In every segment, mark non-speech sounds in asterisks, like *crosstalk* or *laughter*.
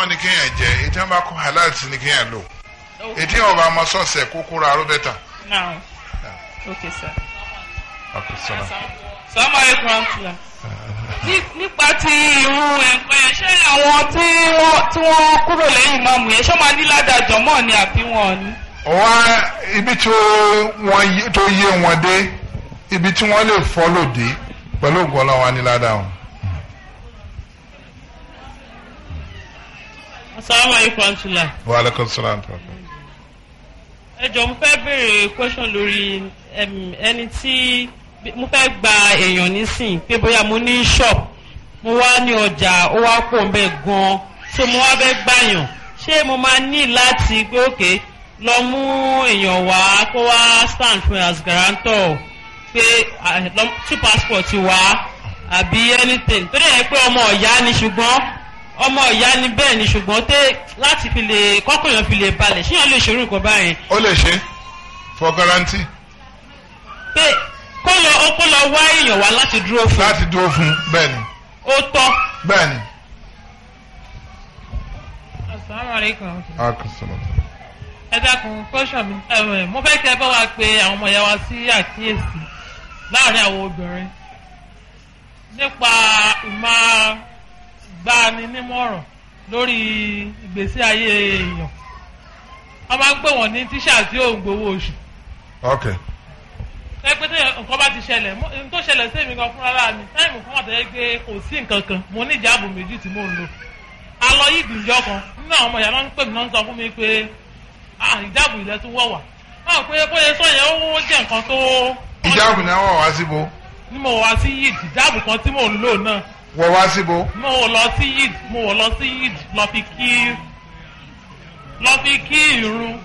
mọ́ ni kéèyàn jẹ èyí tí wọ́n bá kọ́ halal sí ni kéèyàn lò èyí tí wọ́n bá mọ sọ́ọ̀sẹ̀ kúkúrú arúgbẹ́ta. nípa ti irú ẹ̀pẹ́ ṣé àwọn tí wọ́n kúrò lẹ́yìn mọ́mù yẹn ṣé máa ní ládàjọ́ mọ́ ni àbí wọn ni. wá ibi tó yé wọn dé ibi tí wọ́n lè fọ́ lòdì pẹ̀lú ògùn ọlọ́wọ́ á ní ládàá wọn. asalaamualeykum antula. wa aleykum salaam papa. ẹ jọ mo fẹ́ béèrè question lórí ẹni tí mo fẹ́ gba èèyàn nísìn pé bóyá mo ní shop mo wá ní ọjà ó wá pọ̀ mbẹ́ gan-an ṣé mo wá fẹ́ gbàyàn ṣé mo máa ní láti pé òkè lọ mú èèyàn wá kó wá stand fún as guarantor pé ah, two passport wá àbí anything tó dẹ̀ pé ọmọ ọ̀yá ni ṣùgbọ́n ọmọ ìyá ni bẹ́ẹ̀ ni ṣùgbọ́n tẹ́ láti fi lè kọ́kànlọ́ fi lè balẹ̀ ṣíyàn lè ṣerú nǹkan báyẹn. ó lè ṣe for guarantee. pé kó lọ ó kó lọ wá èèyàn wá láti dúró fún. láti dúró fún bẹ́ẹ̀ ni. ó tọ́. bẹ́ẹ̀ ni. asalaamualeykum. akusalaam ẹ dákun kọ́ṣọ̀ mi mo fẹ́ kí ẹ bá wa pe àwọn ọmọ ìyá wa sí àkíyèsí láàrin àwọn obìnrin nípa ìmọ̀ gbà ni nímọ̀ràn lórí ìgbésí ayé èèyàn wọ́n máa ń pè wọ́n ní tíṣà tí ò ń gbowó oṣù. ok. ẹ pé nǹkan bá ti ṣẹlẹ̀ n tó ṣẹlẹ̀ sí èmi gan fúnra lára mi táìmù fún ọ̀tọ̀ yẹn pé kò sí nǹkan kan mo ní ìjáàbù méjì tí mò ń lò a lọ yí ìgbìyànjọ kan nínú àwọn ọmọ ìyá máa ń pè mí náà ń sọ fún mi pé ìjáàbù ilẹ̀ tún wọ̀ wá wọ́n é bóyá sọ yẹn ó jẹ́ nǹkan tó. ìjáàbù ni wọ́n wá síbo. ni mo wá sí yìí ìjáàbù kan tí mò ń lò náà wọ̀ wá síbo. mo ò lọ sí yid mo ò lọ sí yid lọ fi kí lọ fi kí irun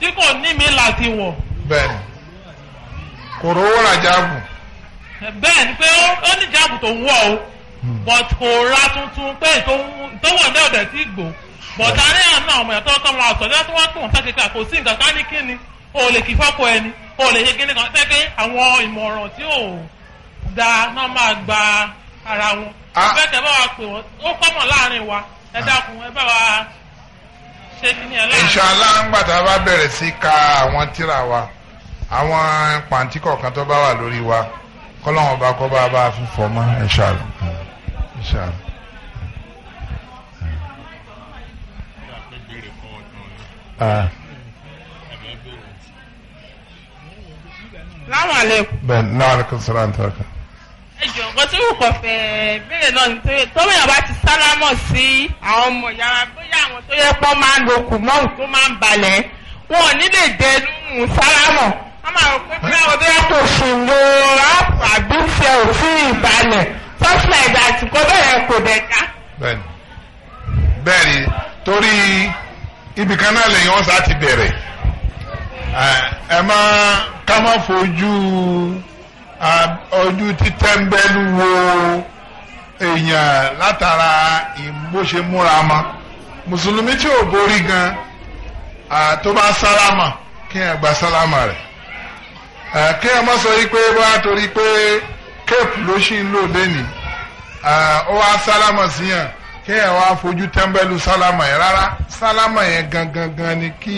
tí kò ní mi láti wọ̀. bẹ́ẹ̀ni kò rówó ra jáàbù. bẹ́ẹ̀ni pé ó ní jáàbù tó ń wọ̀ o hmm. but kò ra tuntun pé tó wọ̀ ní ọ̀dẹ̀ tí gbò but àríyàn náà ọmọ ìyàtọ̀ tó máa sọ̀rọ̀ tí wọ́n pè wọ́n sákèké kò sí nǹkan ká ní kíni o lè kí fọ́kọ ẹni o lè ṣe kíni kan tẹ́kẹ́ àwọn ìmọ̀ràn tí ò da náà máa gba ara wọn ah. ẹgbẹ́ tẹ bá wa pè wọ́n ó pamọ́ láàrin wa ẹ ah. dákun ẹ bá wa ṣe kí ni ẹ láàrin. inshallah ńgbà tá a bá bẹ̀rẹ̀ sí ka àwọn tíra wa àwọn pàǹtí kọ̀ọ̀kan tó bá wà lórí wa kọ́lọ́wọ́n bá kọ́ bá a bá fún fọmọ́ inshallah inshallah. Ah. Salaam alaikum. Ben, na alaikum salam taraka ẹjọ nǹkan tí mo kàn fẹ́ bẹ̀rẹ̀ náà ni pé tọ́wọ́ yàrá ti sálámọ̀ sí àwọn ọmọ yàrá bóyá àwọn tó yẹ pọ́ máa ń lo kùmọ́ọ̀n tó máa ń balẹ̀ wọn ò ní lè jẹ lóhùn sálámọ̀ máa rò pé bí àwọn bóyá kò sùn lo ráàpù àbí ṣe òfin ìbalẹ̀ sọ́sìlà ìdá àtìkọ́ kò dẹ̀ka. bẹ́ẹ̀ni bẹ́ẹ̀ni torí ibì kan náà lẹ́yìn ọ̀sán ti bẹ̀rẹ̀ ẹ má ká má fojú. Um, ojú títẹ́ńbẹ́lú wo èèyàn látara bó ṣe múra mọ́ mùsùlùmí tí ò borí gan tó bá sálámà kí ẹ gba sálámà rẹ̀ kí ẹ má sọ yí pé bá torí pé kéèpù ló ṣì ń lò dénìí ó wá sálámà síyàn kéèyàn wá fojú tẹ́ḿbẹ́lú sálámà yẹn rárá sálámà yẹn gangan gan ni kí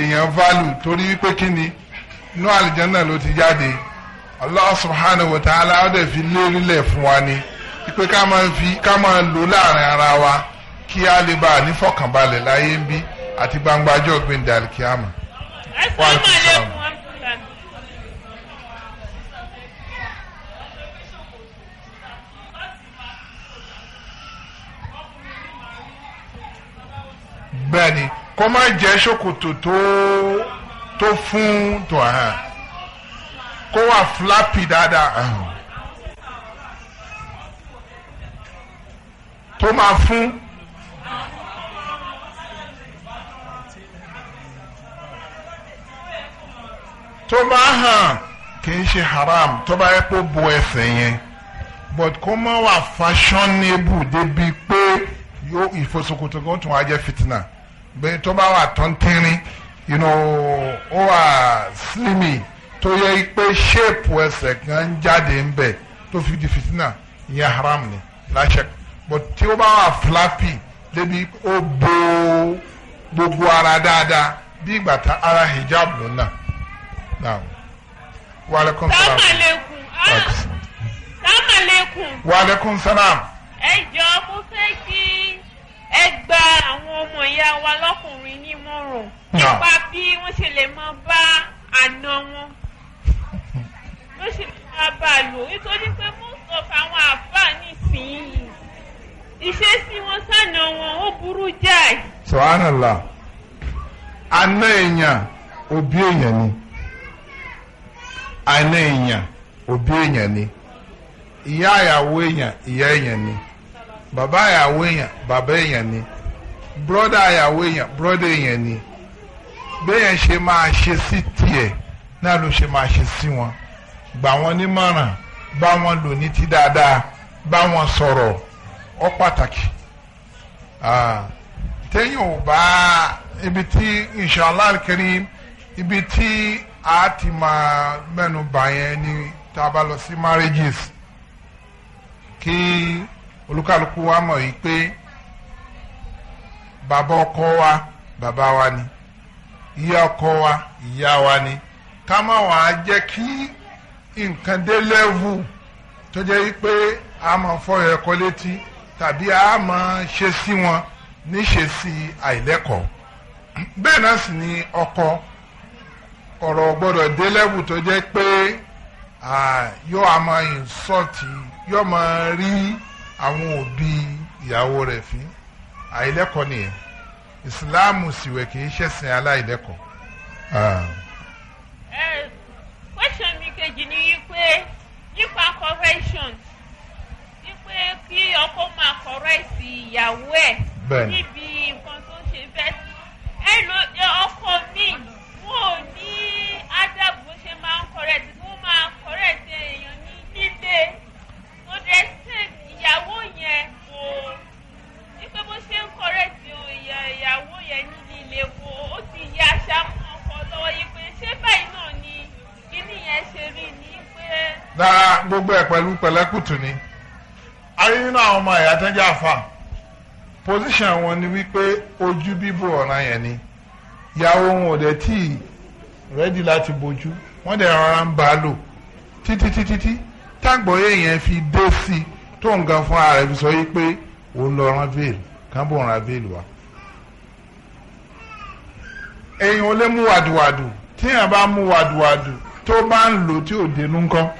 èèyàn válù torí wípé kí ni inú àlìjánná ló ti jáde allah subhanahu wa ta'ala ó dẹ̀ fi lérí lẹ̀ fún wa ni pé ká máa fi ká máa lò láàrin ara wa kí a lè bá a ní fọkànbalẹ̀ láyé ń bí àti gbangba ọjọ́ gbẹ̀ndẹ̀ bẹ́ẹ̀ ni kó má jẹ́ ṣòkòtò tó tó fún tòhán kó wà flappy dáadáa tó máa fún. tó máa hàn kì ṣe haram tó bá yẹ kó bo ẹsẹ̀ yẹn but kó má wà fashionable débi pé yóò ìfòsòkòtò kan tún wá jẹ́ fìtínà bẹ́ẹ̀ tó bá wà tán you know ó wà slimy tó yẹ pé ṣéèpù ẹsẹ̀ kan ń jáde ń bẹ̀ tó fi di fitina ìyẹn haram ni láṣẹ but tí ó bá wà flappy débi ó bo gbogbo ara dáadáa bí ìgbà tá ara hijab ló nà náà wàlẹ́kùn sàlám. sàmàlẹ́kùn. wàlẹ́kùn sàlám. ẹ jọ mo fẹ́ kí ẹ gba àwọn ọmọ ìyá wa lọ́kùnrin nímọ̀ràn nípa bí wọ́n ṣe lè máa bá àna wọn ló ṣe máa bá a lò nítorí pé most of àwọn àfáà nísìnyí ìṣesí wọn sànà wọn ó burú jáì. subhanallah àna èèyàn òbí èèyàn ni àna èèyàn òbí èèyàn ni ìyá ìyàwó èèyàn ìyá èèyàn ni bàbá ìyàwó èèyàn bàbá èèyàn ni bùrọ́dà ìyàwó èèyàn bùrọ́dà èèyàn ni bẹ́ẹ̀ ṣe máa ṣe sí tiẹ̀ náà ló ṣe máa ṣe sí wọn gbà wọ́n nímọ̀ràn bá wọn lò ní ti dáadáa bá wọn sọ̀rọ̀ ó pàtàkì téèyàn ò bá ibi tí inshallah al-karim ibi tí a ti máa mẹ́nu bà yẹn ni tá a bá lọ sí marriages kí olúkàlùkù wa mọ̀ yìí pé bàbá ọkọ wa bàbá wa ni ìyá ọkọ wa ìyá wa ni ká má wàá jẹ́ kí nǹkan dé lẹ́wù tó jẹ́ pé a máa fọ ẹ̀kọ́ létí tàbí a máa ṣe sí wọn níṣe sí àìlẹ́kọ̀ọ́ bẹ́ẹ̀ náà sì ni ọkọ ọ̀rọ̀ gbọ́dọ̀ dé lẹ́wù tó jẹ́ pé yóò a máa ìnsọ́ọ̀tì yóò máa rí àwọn òbí ìyàwó rẹ̀ fín àìlẹ́kọ̀ọ́ nìyẹn ìsìláàmù sì wẹ̀ kì í ṣẹ̀sìn aláìlẹ́kọ̀ọ́. Ah objection mi kejì ni wípé nípa corrections wípé kí ọkọ máa correct ìyàwó ẹ̀ níbi nǹkan tó ṣe fẹ́ ẹ ló ọkọ mi wọn ò ní ádàbò bó ṣe máa ń correct wọn máa correct èèyàn ní líle tó dé ṣe ìyàwó yẹn kò wípé bó ṣe ń correct ìyàwó yẹn ní líle kò ó ti yá aṣáájú ọkọ lọ́wọ́ yìí pé ṣé báyìí náà ni kíní yẹn ṣe rí ni pé. dáa gbogbo ẹ pẹ̀lú pẹ̀lẹ́kùtù ni ayé nínú àwọn ọmọ ẹ̀yà tẹ́jú àfà pòsíṣàn wọn ni wípé ojú bíbò ọ̀ràn yẹn ni ìyàwó wọn ò dẹ̀ tí ì rẹ́dí láti bójú wọ́n dẹ̀ rọra ń bá a lò títí títí tí tágbọ̀yé yẹn fi dé sí i tó nǹkan fún ara rẹ̀ sọ yí pé òun lọ ran veil kán bò veil wá. èèyàn ò lè mú wàdùwàdù tíyàn bá mú wàdùwàdù tó bá ń lò tí ò dénú ńkọ́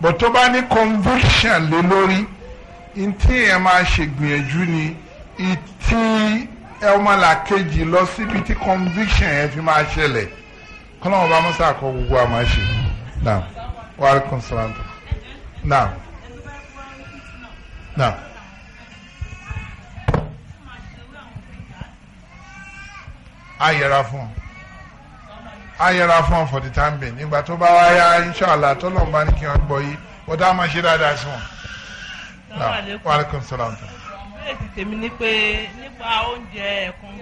bọ̀ tó bá ní conviction lé lórí ntí yẹn máa ṣègbìyànjú ni ìtí ọmọlàkejì lọ síbi tí conviction yẹn fi máa ṣẹlẹ̀ kọ́lọ́mọba mọ́sá kọ́ gbogbo àmọ́ ṣe now wàhálà consulant now now. a yẹra fún ọ á yẹra fún ọ for the time being nígbà tó bá wá yá inṣàlá tó lọ́n bá ní kí wọ́n gbọ́ yìí ó dá máa ṣe dáadáa sí wọn. Ah, wa aleykum salaam. bẹ́ẹ̀ sì tèmi ni pé nípa oúnjẹ ẹ̀kan.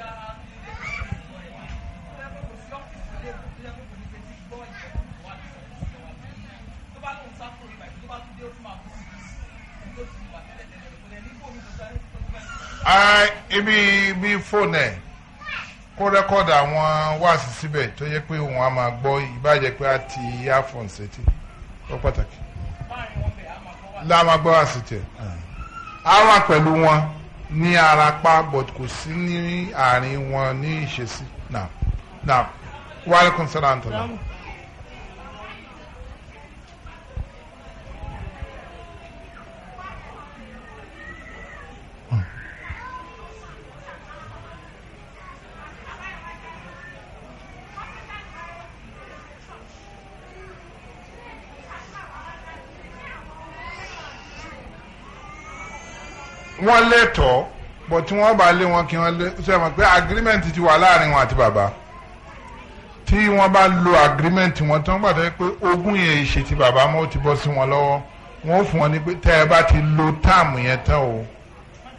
Ah, ibi ibi fóònù ẹ̀. kó rekọdụ àwọn wáàsí síbẹ̀ tó yẹ pé òun á máa gbọ́ ìbájẹ́ pé a ti earphone sétí ó pàtàkì gbọ́ wà pẹ̀lú wọn ní arapa but kò sí ní àárín wọn ní ìṣesí wọ́n lẹ́tọ̀ọ́ bọ̀ tí wọ́n bá lé wọn kí wọ́n lé sọ pé agreement ti wà láàrin wọn àti bàbá tí wọ́n bá lo agreement wọn tí wọ́n gbàdọ̀ pé ogún yẹn ìṣe ti bàbá mọ́ ti bọ́ sí wọn lọ́wọ́ wọ́n fún wọn ní pé tẹ́ ẹ bá ti lo táàmù yẹn tán o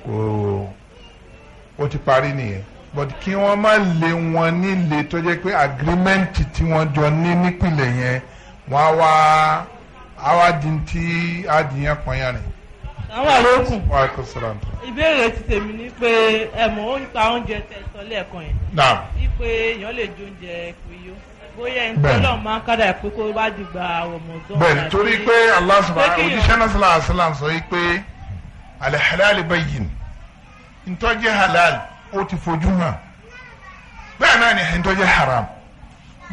kò ó ti parí nìyẹn but kí wọ́n má lé wọn nílé tó jẹ́ pé agreement tí wọ́n jọ ní nípìnlẹ̀ yẹn wọ́n á wá á wá di ti adìyẹn kan yẹn rìn àwọn àlékún. wà á kó sọ̀rọ̀ àǹtọ̀. ìbéèrè ti tèmi ni pé ẹ̀mọ́ ó ń pa oúnjẹ tẹ̀sán lẹ́ẹ̀kan yẹn. náà. wípé èèyàn lè jó oúnjẹ péyó. bóyá ẹni tó lọ́ọ̀ máa ń kádà pé kó bá dìgbà Ramadan. bẹ́ẹ̀ torí pé Allah subhanahu òjíṣẹ́ náà sọ̀rọ̀ àṣìlá sọ yìí pé al-halal bayyin ntọ́jẹ́ halal ó ti fojú hàn bẹ́ẹ̀ náà ni ntọ́jẹ́ haram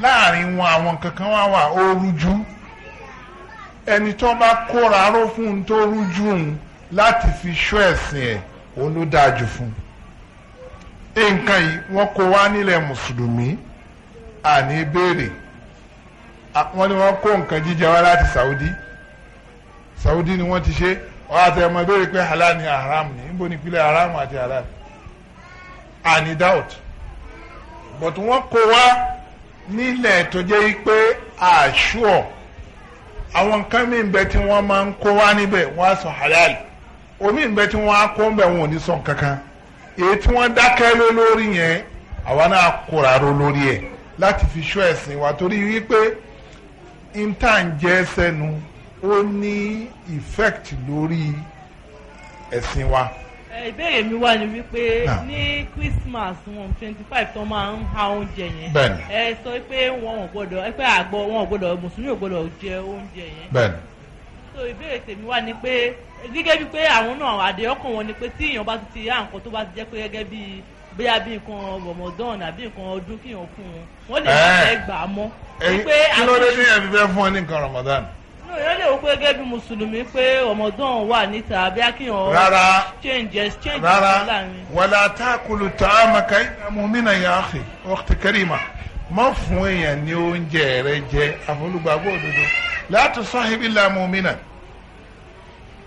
láàrin wọn àwọn kankan wá wà ó rújú ẹni tó bá kóra ró fún un tó rújú un láti fi ṣọ́ ẹ̀sìn ẹ̀ òun ló dáa jù fún un nǹkan yìí wọ́n kó wá nílẹ̀ mùsùlùmí àní béèrè wọ́n ní wọ́n kó nǹkan jíjẹ wá láti Saudi Saudi ni wọ́n ti ṣe wọ́n àti ẹ̀mọ́ béèrè pé halal ni haram ni níbo ni ìpínlẹ̀ haram àti halal àní doubt but wọ́n kó wá nílẹ̀ tó jẹ́ pé àṣùọ̀ àwọn nǹkan mi ń bẹ tí wọ́n máa ń kó wá níbẹ̀ wọ́n á sọ halal omi ń bẹ tí wọ́n á kó ń bẹ̀ wọn ò ní sọ kankan èyí tí wọ́n dákẹ́ lé lórí yẹn àwa náà kóra ro lórí ẹ̀ láti fi ṣọ́ ẹ̀sìn wa torí wípé intanjẹ́ sẹ́nu ó ní effect lórí ẹ̀sìn wa ìbéèrè mi wá ni wípé ní Christmas wọn twenty five tó máa ń ha oúnjẹ yẹn ẹ sọ pé wọn ò gbọdọ̀ ẹ pé àgbọ wọn ò gbọdọ̀ mùsùlùmí ò gbọdọ̀ jẹ oúnjẹ yẹn so ìbéèrè tèmi wá ni pé gẹ́gẹ́ bíi pé àwọn náà àdé ọkàn wọn ni pé tí èèyàn bá ti ti yá nǹkan tó bá ti jẹ́ pé gẹ́gẹ́ bíi bóyá bí nǹkan Ramadan àbí nǹkan ọdún kíyàn fún wọn wọn lè má fẹ́ gbà á mọ́. kí ló dé ní ẹ fi fẹ́ fún ọ ní nǹkan Ramadan èèyàn gẹ́gẹ́ bí mùsùlùmí pé ọmọdún wà níta bí akíyan rárá changes changes rárá wàlá táàkùlù tààmà káyìnà mùmínà yà áhì ọ̀tí kẹrìmà má fún èèyàn ní oúnjẹ rẹ jẹ àfọlùgbàgbọ́ òdodo láti sọ́hìbí la mùmínà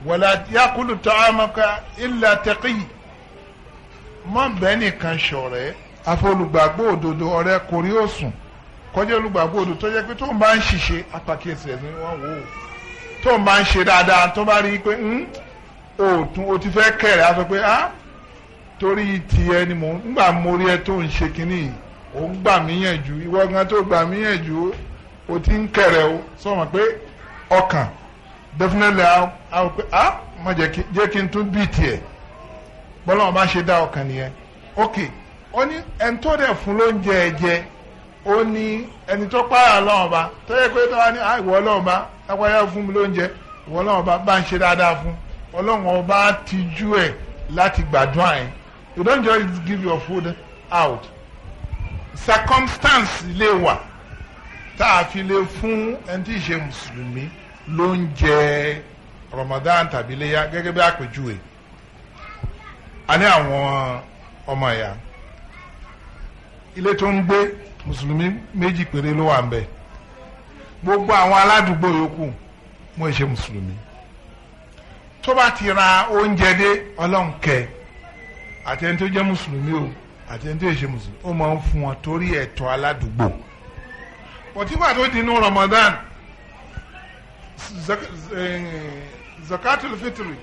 wàlá yàkùlù tààmà ká ìlà tẹ̀kì má bẹ́ẹ̀ nìkan ṣọ̀rẹ́ àfọlùgbàgbọ́ òdodo ọ̀rẹ́ kò rí òsùn kọjá olùgbàgbọ́ odò tó jẹ́ pé tó ń bá ń ṣiṣẹ́ apàkíyèsí rẹ̀ ni wọ́n wò ó tó ń bá ń ṣe dáadáa tó bá rí i pé òòtún hmm, o ti fẹ́ kẹ̀rẹ̀ á sọ pé á ah, torí tiẹ̀ ni mò ń gbà mórí ẹ tó ń ṣe kínní ò ń gbà míyànjú ìwọ gan tó gbà míyànjú o ti ń kẹ̀rẹ̀ o sọ̀rọ̀ pé ọkàn definitely a wò pé a ah, má jẹ́ kí n tún bí tiẹ̀ bọ́lá wọn bá ṣe dá ọkàn nìyẹn ok ó ní ẹni tó dẹ̀ fún lóúnjẹ ẹ jẹ ó ní ẹni tó pààyà lọ́wọ́n ba tó yẹ pé tọ́wá ní ah, ìwọ ọlọ́wọ́n ba lápáyà fún mi lóúnjẹ ìwọ ọlọ́wọ́n bá ń ṣe dáadáa fún ọlọ́wọ́n ọba ti jú ẹ̀ láti gbàdúrà yẹn you don't just give your food out circumstance lè wà tá a fi lè fún ẹni tí ì ṣe mùsùlùmí lóúnjẹ Ramadan tàbí léyà gẹ́gẹ́ bí àpèjúwe a ní àwọn ọmọ ẹ̀yà ilé tó ń gbé mùsùlùmí méjì péré ló wà ń bẹ gbogbo àwọn aládùúgbò yòókù wọn ṣe mùsùlùmí tó bá ti ra oúnjẹ dé ọlọ́run kẹ àti ẹni tó jẹ́ mùsùlùmí o àti ẹni tó ṣe mùsùlùmí ó máa ń fún wọn torí ẹ̀tọ́ aládùúgbò pọtífà tó di inú Ramadan eh, zakatul fitri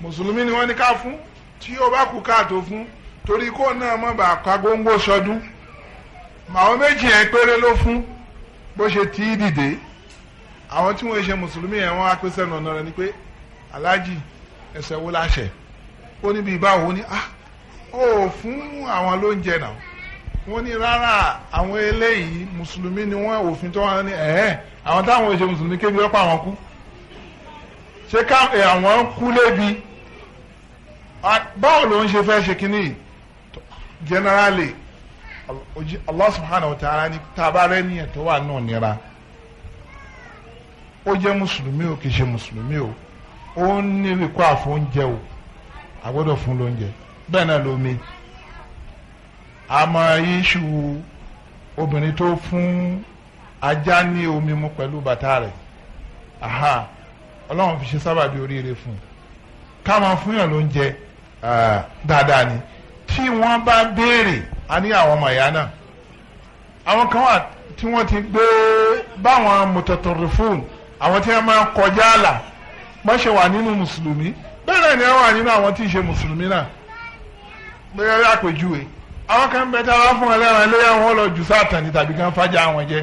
mùsùlùmí ni wọ́n ní ká fún tí ó bá kú káàtó fún torí kó náà má bàa ká góńgó sọdún màwọn méjì yẹn péré ló fún bó ṣe tí dìde àwọn tí wọn ṣe mùsùlùmí yẹn wọn á pèsè ọ̀nà rẹ ni pé aláàjì ẹsẹ̀ wo láṣẹ ó ní bíi báwo ni ah ó fún àwọn lóúnjẹ náà wọ́n ní rárá àwọn eléyìí mùsùlùmí ni wọ́n òfin tó wọ́n ní ẹ̀ẹ́ àwọn táwọn ṣe mùsùlùmí kébi ọ̀pọ̀ àwọn kú ṣé ká àwọn kú lébi báwo ló ń ṣe fẹ́ ṣe kínní generally Allah subhanahu wa ta'ala ni tabaarẹ niyẹn tó wà náà nira ó jẹ́ mùsùlùmí o kì í ṣe mùsùlùmí o ó ní rìkọ́ àfóúnjẹ o àgbọ́dọ̀ fún lóúnjẹ bẹ́ẹ̀ náà lómi àmọ́ iṣu obìnrin tó fún ajá ní omi mu pẹ̀lú bàtà rẹ̀ aha ọlọ́run fi ṣe sábàbí oríire fún un ká máa fún yàn lóúnjẹ ah, dáadáa ni tí wọ́n bá béèrè a ní àwọn ọmọ ìyá náà àwọn kan wà tí wọ́n ti gbé báwọn mọ̀tọ̀tọ̀rọ̀ fún àwọn tí wọ́n máa ń kọjá àlà wọ́n ṣe wà nínú mùsùlùmí bẹ́ẹ̀ náà ni wọ́n wà nínú àwọn tí ì ṣe mùsùlùmí náà bẹ́ẹ̀ bí àpèjúwe àwọn kan bẹ tá a wá fún ẹlẹ́ran ilé àwọn lọ jù sáàtàn ni tàbí kan fájà àwọn jẹ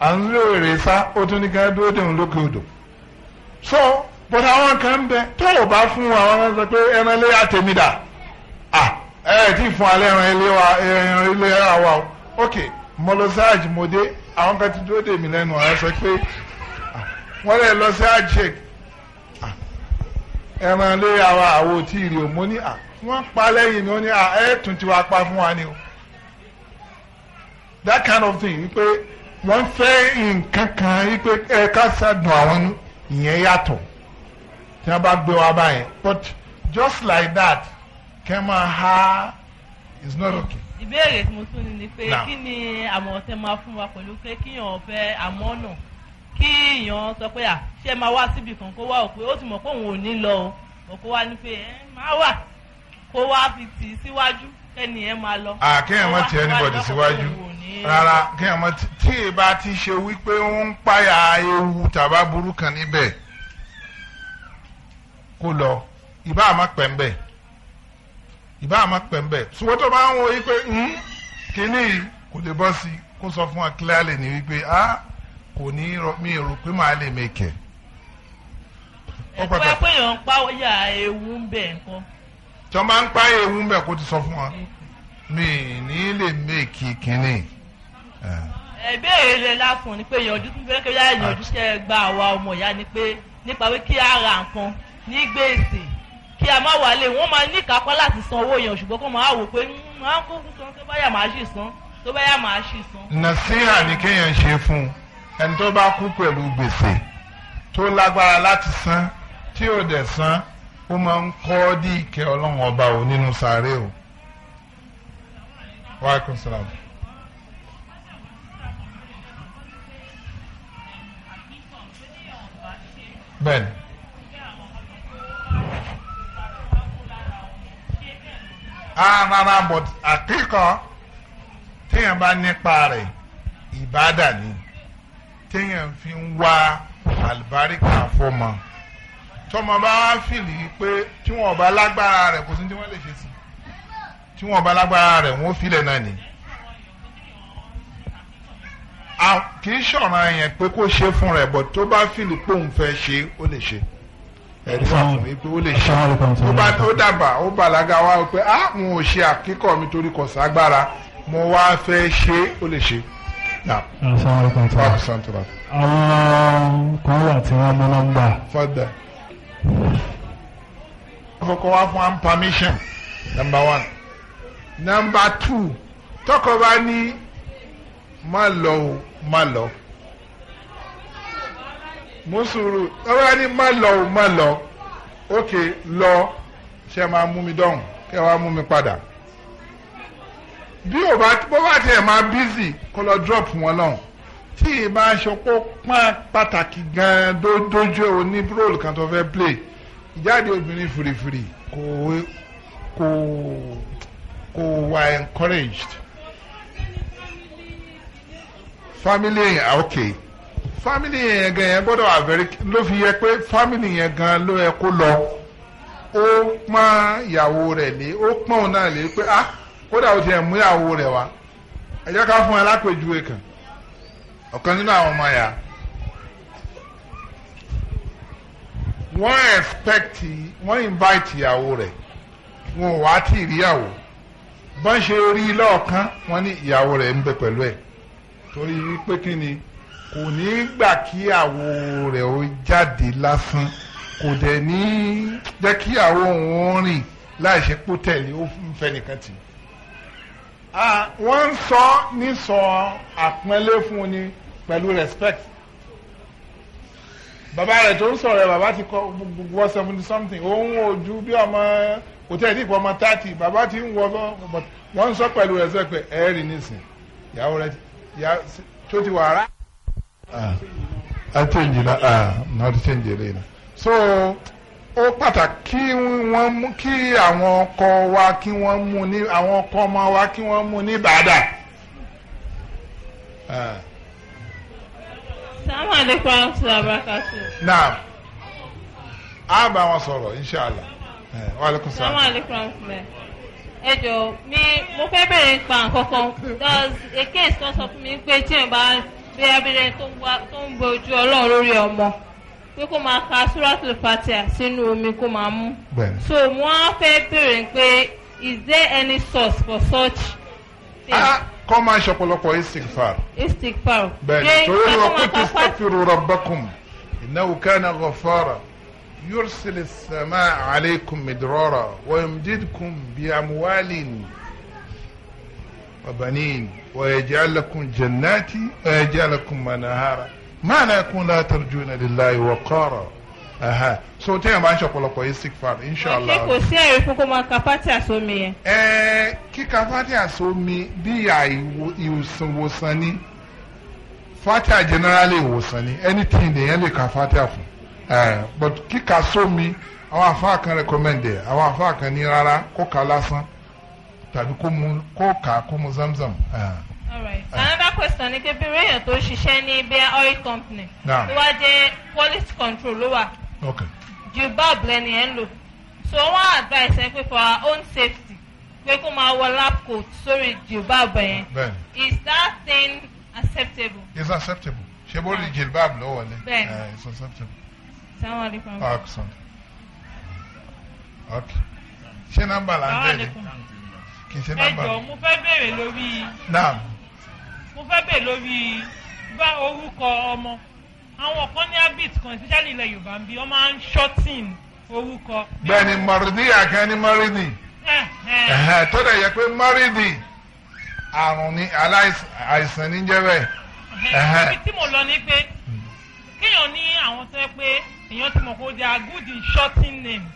à ń lò rè sá ó tún ní kan dúró dèun lókè odò so bọ̀dọ̀ àwọn kan bẹ tó o bá fún àwọn ọmọ sọ pé ẹran Ah. ẹ ẹ tí fún alẹ́ ẹran ilé wa ẹran ilé àwa o ok mọlọsáàj mọdé àwọn kan ti dúró dè mí lẹ́nu ọ̀rẹ́ sọ pé ah, wọ́n lè lọ sí àjẹk ah, ẹran ilé àwa àwo tí ìrì òmó ní à wọ́n pa lẹ́yìn ni wọ́n ní à ẹ tún ti wá pa fún wa ni o that kind of thing wípé wọ́n fẹ́ nǹkan kan wípé ẹ ká sàdùn àwọn ìyẹn yàtọ̀ tí wọ́n bá gbé wa báyẹn but just like that kẹ́ máa ha is not okay. ìbéèrè tí mo tún ní ni pé kí ni àmọ̀ràn máa fún wa pẹ̀lú pé kíyàn fẹ́ àmọ́nà kí èèyàn sọ pé à ṣe máa wá síbi kan kó wá òpin ó ti mọ̀ pé òun ò ní lọ o òkú wa ni pé ẹ máa wà kó wá fi tì í síwájú kẹ́ni ẹ máa lọ. à kéèyàn má ti anybody síwájú rárá kéèyàn má tí ì bá ti ṣe wípé ó ń páyà ewu tàbá burú kan níbẹ̀ kó lọ ìbá àmọ́ pẹ̀ ń bẹ̀ ìbá àmọ́ pẹ̀ ń bẹ̀ ṣùgbọ́n tó bá ń wo yí pé hmm, kínní kò lè bọ́ sí kó sọ fún wa clearly ni wípé a ah, kò ní mi rò pé màá lè mèkè. ẹ̀kọ́ pé èèyàn ń páyà ewu ń bẹ̀ nǹkan. tí wọ́n bá ń páyà ewu ń bẹ̀ kó ti sọ fún wa mi ní lè mèkì kínní. ẹ̀bẹ́ẹ̀rẹ̀ rẹ̀ láfún ni pé ìyànjú tó fẹ́ kí ó yá ìyànjú ṣe gba àwa ọmọ ìyá ni pé nípa pé kí á ra nǹkan ní gbèsè kí a má wà lé wọ́n máa ní kápá láti san owó yẹn ṣùgbọ́n kó máa wò pé máa hmm, ń kó fún san tó bá yà máa ṣì san tó bá yà máa ṣì san. nàṣíhà ni kéèyàn ṣe fún un ẹni tó bá kú pẹ̀lú gbèsè tó lágbára láti san tí ò dẹ̀ san ó máa ń kọ́ dí ìkẹ́ ọlọ́run ọba ò nínú sàárè o. wàhálà rárá ah, but àkíkọ téèyàn bá nípa rẹ̀ ìbádà ni téèyàn fi ń wá àlùbáríkà fọmọ tọmọ bá wá fìlì pé tí wọn bá lágbára rẹ̀ kò sí tí wọn lè ṣe sí tí wọn bá lágbára rẹ̀ wọn ó filẹ̀ náà ni kì í ṣọ̀ràn yẹn pé kó ṣe fún rẹ̀ but tó bá fìlì pé òun fẹ́ ṣe ó lè ṣe ẹ̀rí fáwọn mi pé ó lè ṣe ó bàlágà wá pé ah mo ò ṣe àkíkọ̀ mi torí kò ságbára mo wá fẹ́ ṣe ó lè ṣe. àwọn kan wà tí wọ́n mú nọ́mbà. kọ́kọ́ wá fún am permission number one number two tọkọ bá ní má lọ o má lọ mú sùúrù ọba ní má lọ ò má lọ ókè lọ ṣe máa mú mi dọ̀hùn kẹ wàá mú mi padà bí ọba bó bá tiẹ̀ máa bízì kó lọ drop wọn lọ́hùn tí ìbá aṣọpọ̀ pọ́n pàtàkì gan-an dójú òní role kan tó fẹ́ play ìjáde obìnrin fìrìfìrì kò kò kò wà encouraged family okay. family yẹn gan yẹn gbọ́dọ̀ ló fi yẹ pé family yẹn gan ló yẹ kó lọ ó pọ́n ìyàwó rẹ lé ó pọ́n òun náà lé pé ah kódà ó tiẹ̀ mú ìyàwó rẹ̀ wá ẹ ká fún ẹ lápèjúwe kan ọ̀kan nínú àwọn ọmọ yà wọ́n wọ́n invite ìyàwó rẹ̀ wọn ò wá kò ní gbà kí àwo rẹ̀ ó jáde lásán kò dẹ̀ ní jẹ́ kí àwo òun rìn láì pò tẹ̀lé ó fẹ́ nìkan tì wọ́n ń sọ ní sọ àpọ́nlé fún ni pẹ̀lú respect bàbá rẹ̀ tó ń sọ̀rọ̀ rẹ̀ bàbá ti kọ wọ seventy something òun ò ju bí ọmọ kò tẹ́ ìdí ìpọ́ ọmọ thirty bàbá ti ń wọ but wọ́n ń sọ pẹ̀lú respect ẹ̀ ẹ́ rí nísìn ìyàwó rẹ̀ tó ti wà rà a ah. change la ah, a not change la so ó pàtàkì wọ́n mú kí àwọn ọkọ wa kí wọ́n mú ní àwọn ọkọ ọmọ wa kí wọ́n mú ní bàdà. sàmú àdékò àwọn sọ abakasi. naam a bá wọn sọ̀rọ̀ inshàlá eh, wa aleykum salaam. sàmú àdékò àwọn sọ bẹ́ẹ̀ ẹ jọ̀ọ́ mi mo fẹ́ bẹ̀rẹ̀ pa nǹkan kan does a case kan sọ fún mi pé tí n bá bí abẹ́rẹ́ tó ń bọ ojú ọlọ́run lórí ọmọ pé kó máa ka suratul fatiha sínú omi kó máa mú. so wọ́n á fẹ́ béèrè pé is there any source for such thing. Ah, kọ́ máa ṣe ọ̀pọ̀lọpọ̀ istikfar. istikfar. bẹ́ẹ̀ni torí wọn kò tí istaghfiru rabbakum innahu kana ghaffara yursil as-samaa alaykum midrara wa yumdidkum bi amwalin. وبنين ويجعل لكم جنات ويجعل لكم منهارا ما لكم لا ترجون لله وقارا aha so téèyàn bá ń ṣọ̀pọ̀lọpọ̀ yìí sick farm inshallah. ṣé kò sí ẹ̀rí fún kó máa ka fati àsomi yẹn. ẹ kíka fati àsomi bí ìwòsàn ni fati generally ìwòsàn ni anything èèyàn lè ka fati àfún but kíka sómi àwọn àfáà kan recommend ẹ àwọn àfáà kan ní rárá kó ka lásán tàbí kó kà á kó mu zamzam. Ah. all right ah. another question ni pé bí réèyàn tó ṣiṣẹ́ ní bia oil company tó wá jẹ́ quality control ló wà jubab lẹ́ni ẹ̀ ń lò so wọ́n advice ẹ pé for our own safety pé kó máa wọ lab coat sórí jubab yẹn is that thing acceptable. is acceptable ṣe bó rí jilbab ló wọlé. bẹ́ẹ̀ni is eh, acceptable. salamu alaykum. Ah, ṣé nọ́mbà la ń tẹ̀lé kì í ṣe nọ́mbà. ẹjọ mo fẹ́ bèrè lórí. naam. mo fẹ́ bèrè lórí bá orúkọ ọmọ àwọn kan ní habit kan especially ilẹ̀ yorùbá ń bí wọ́n máa ń shorten orúkọ. bẹ́ẹ̀ni mọrìdì àkàn ni mọrìdì. tó dẹ̀ yẹ pé mọrìdì àrùn ni aláìsàn ní jẹ́ bẹ́ẹ̀. ibi tí mo lọ ni pé kéèyàn ní àwọn tó yẹ pé èèyàn ti mọ̀ kó they are good in shorting names.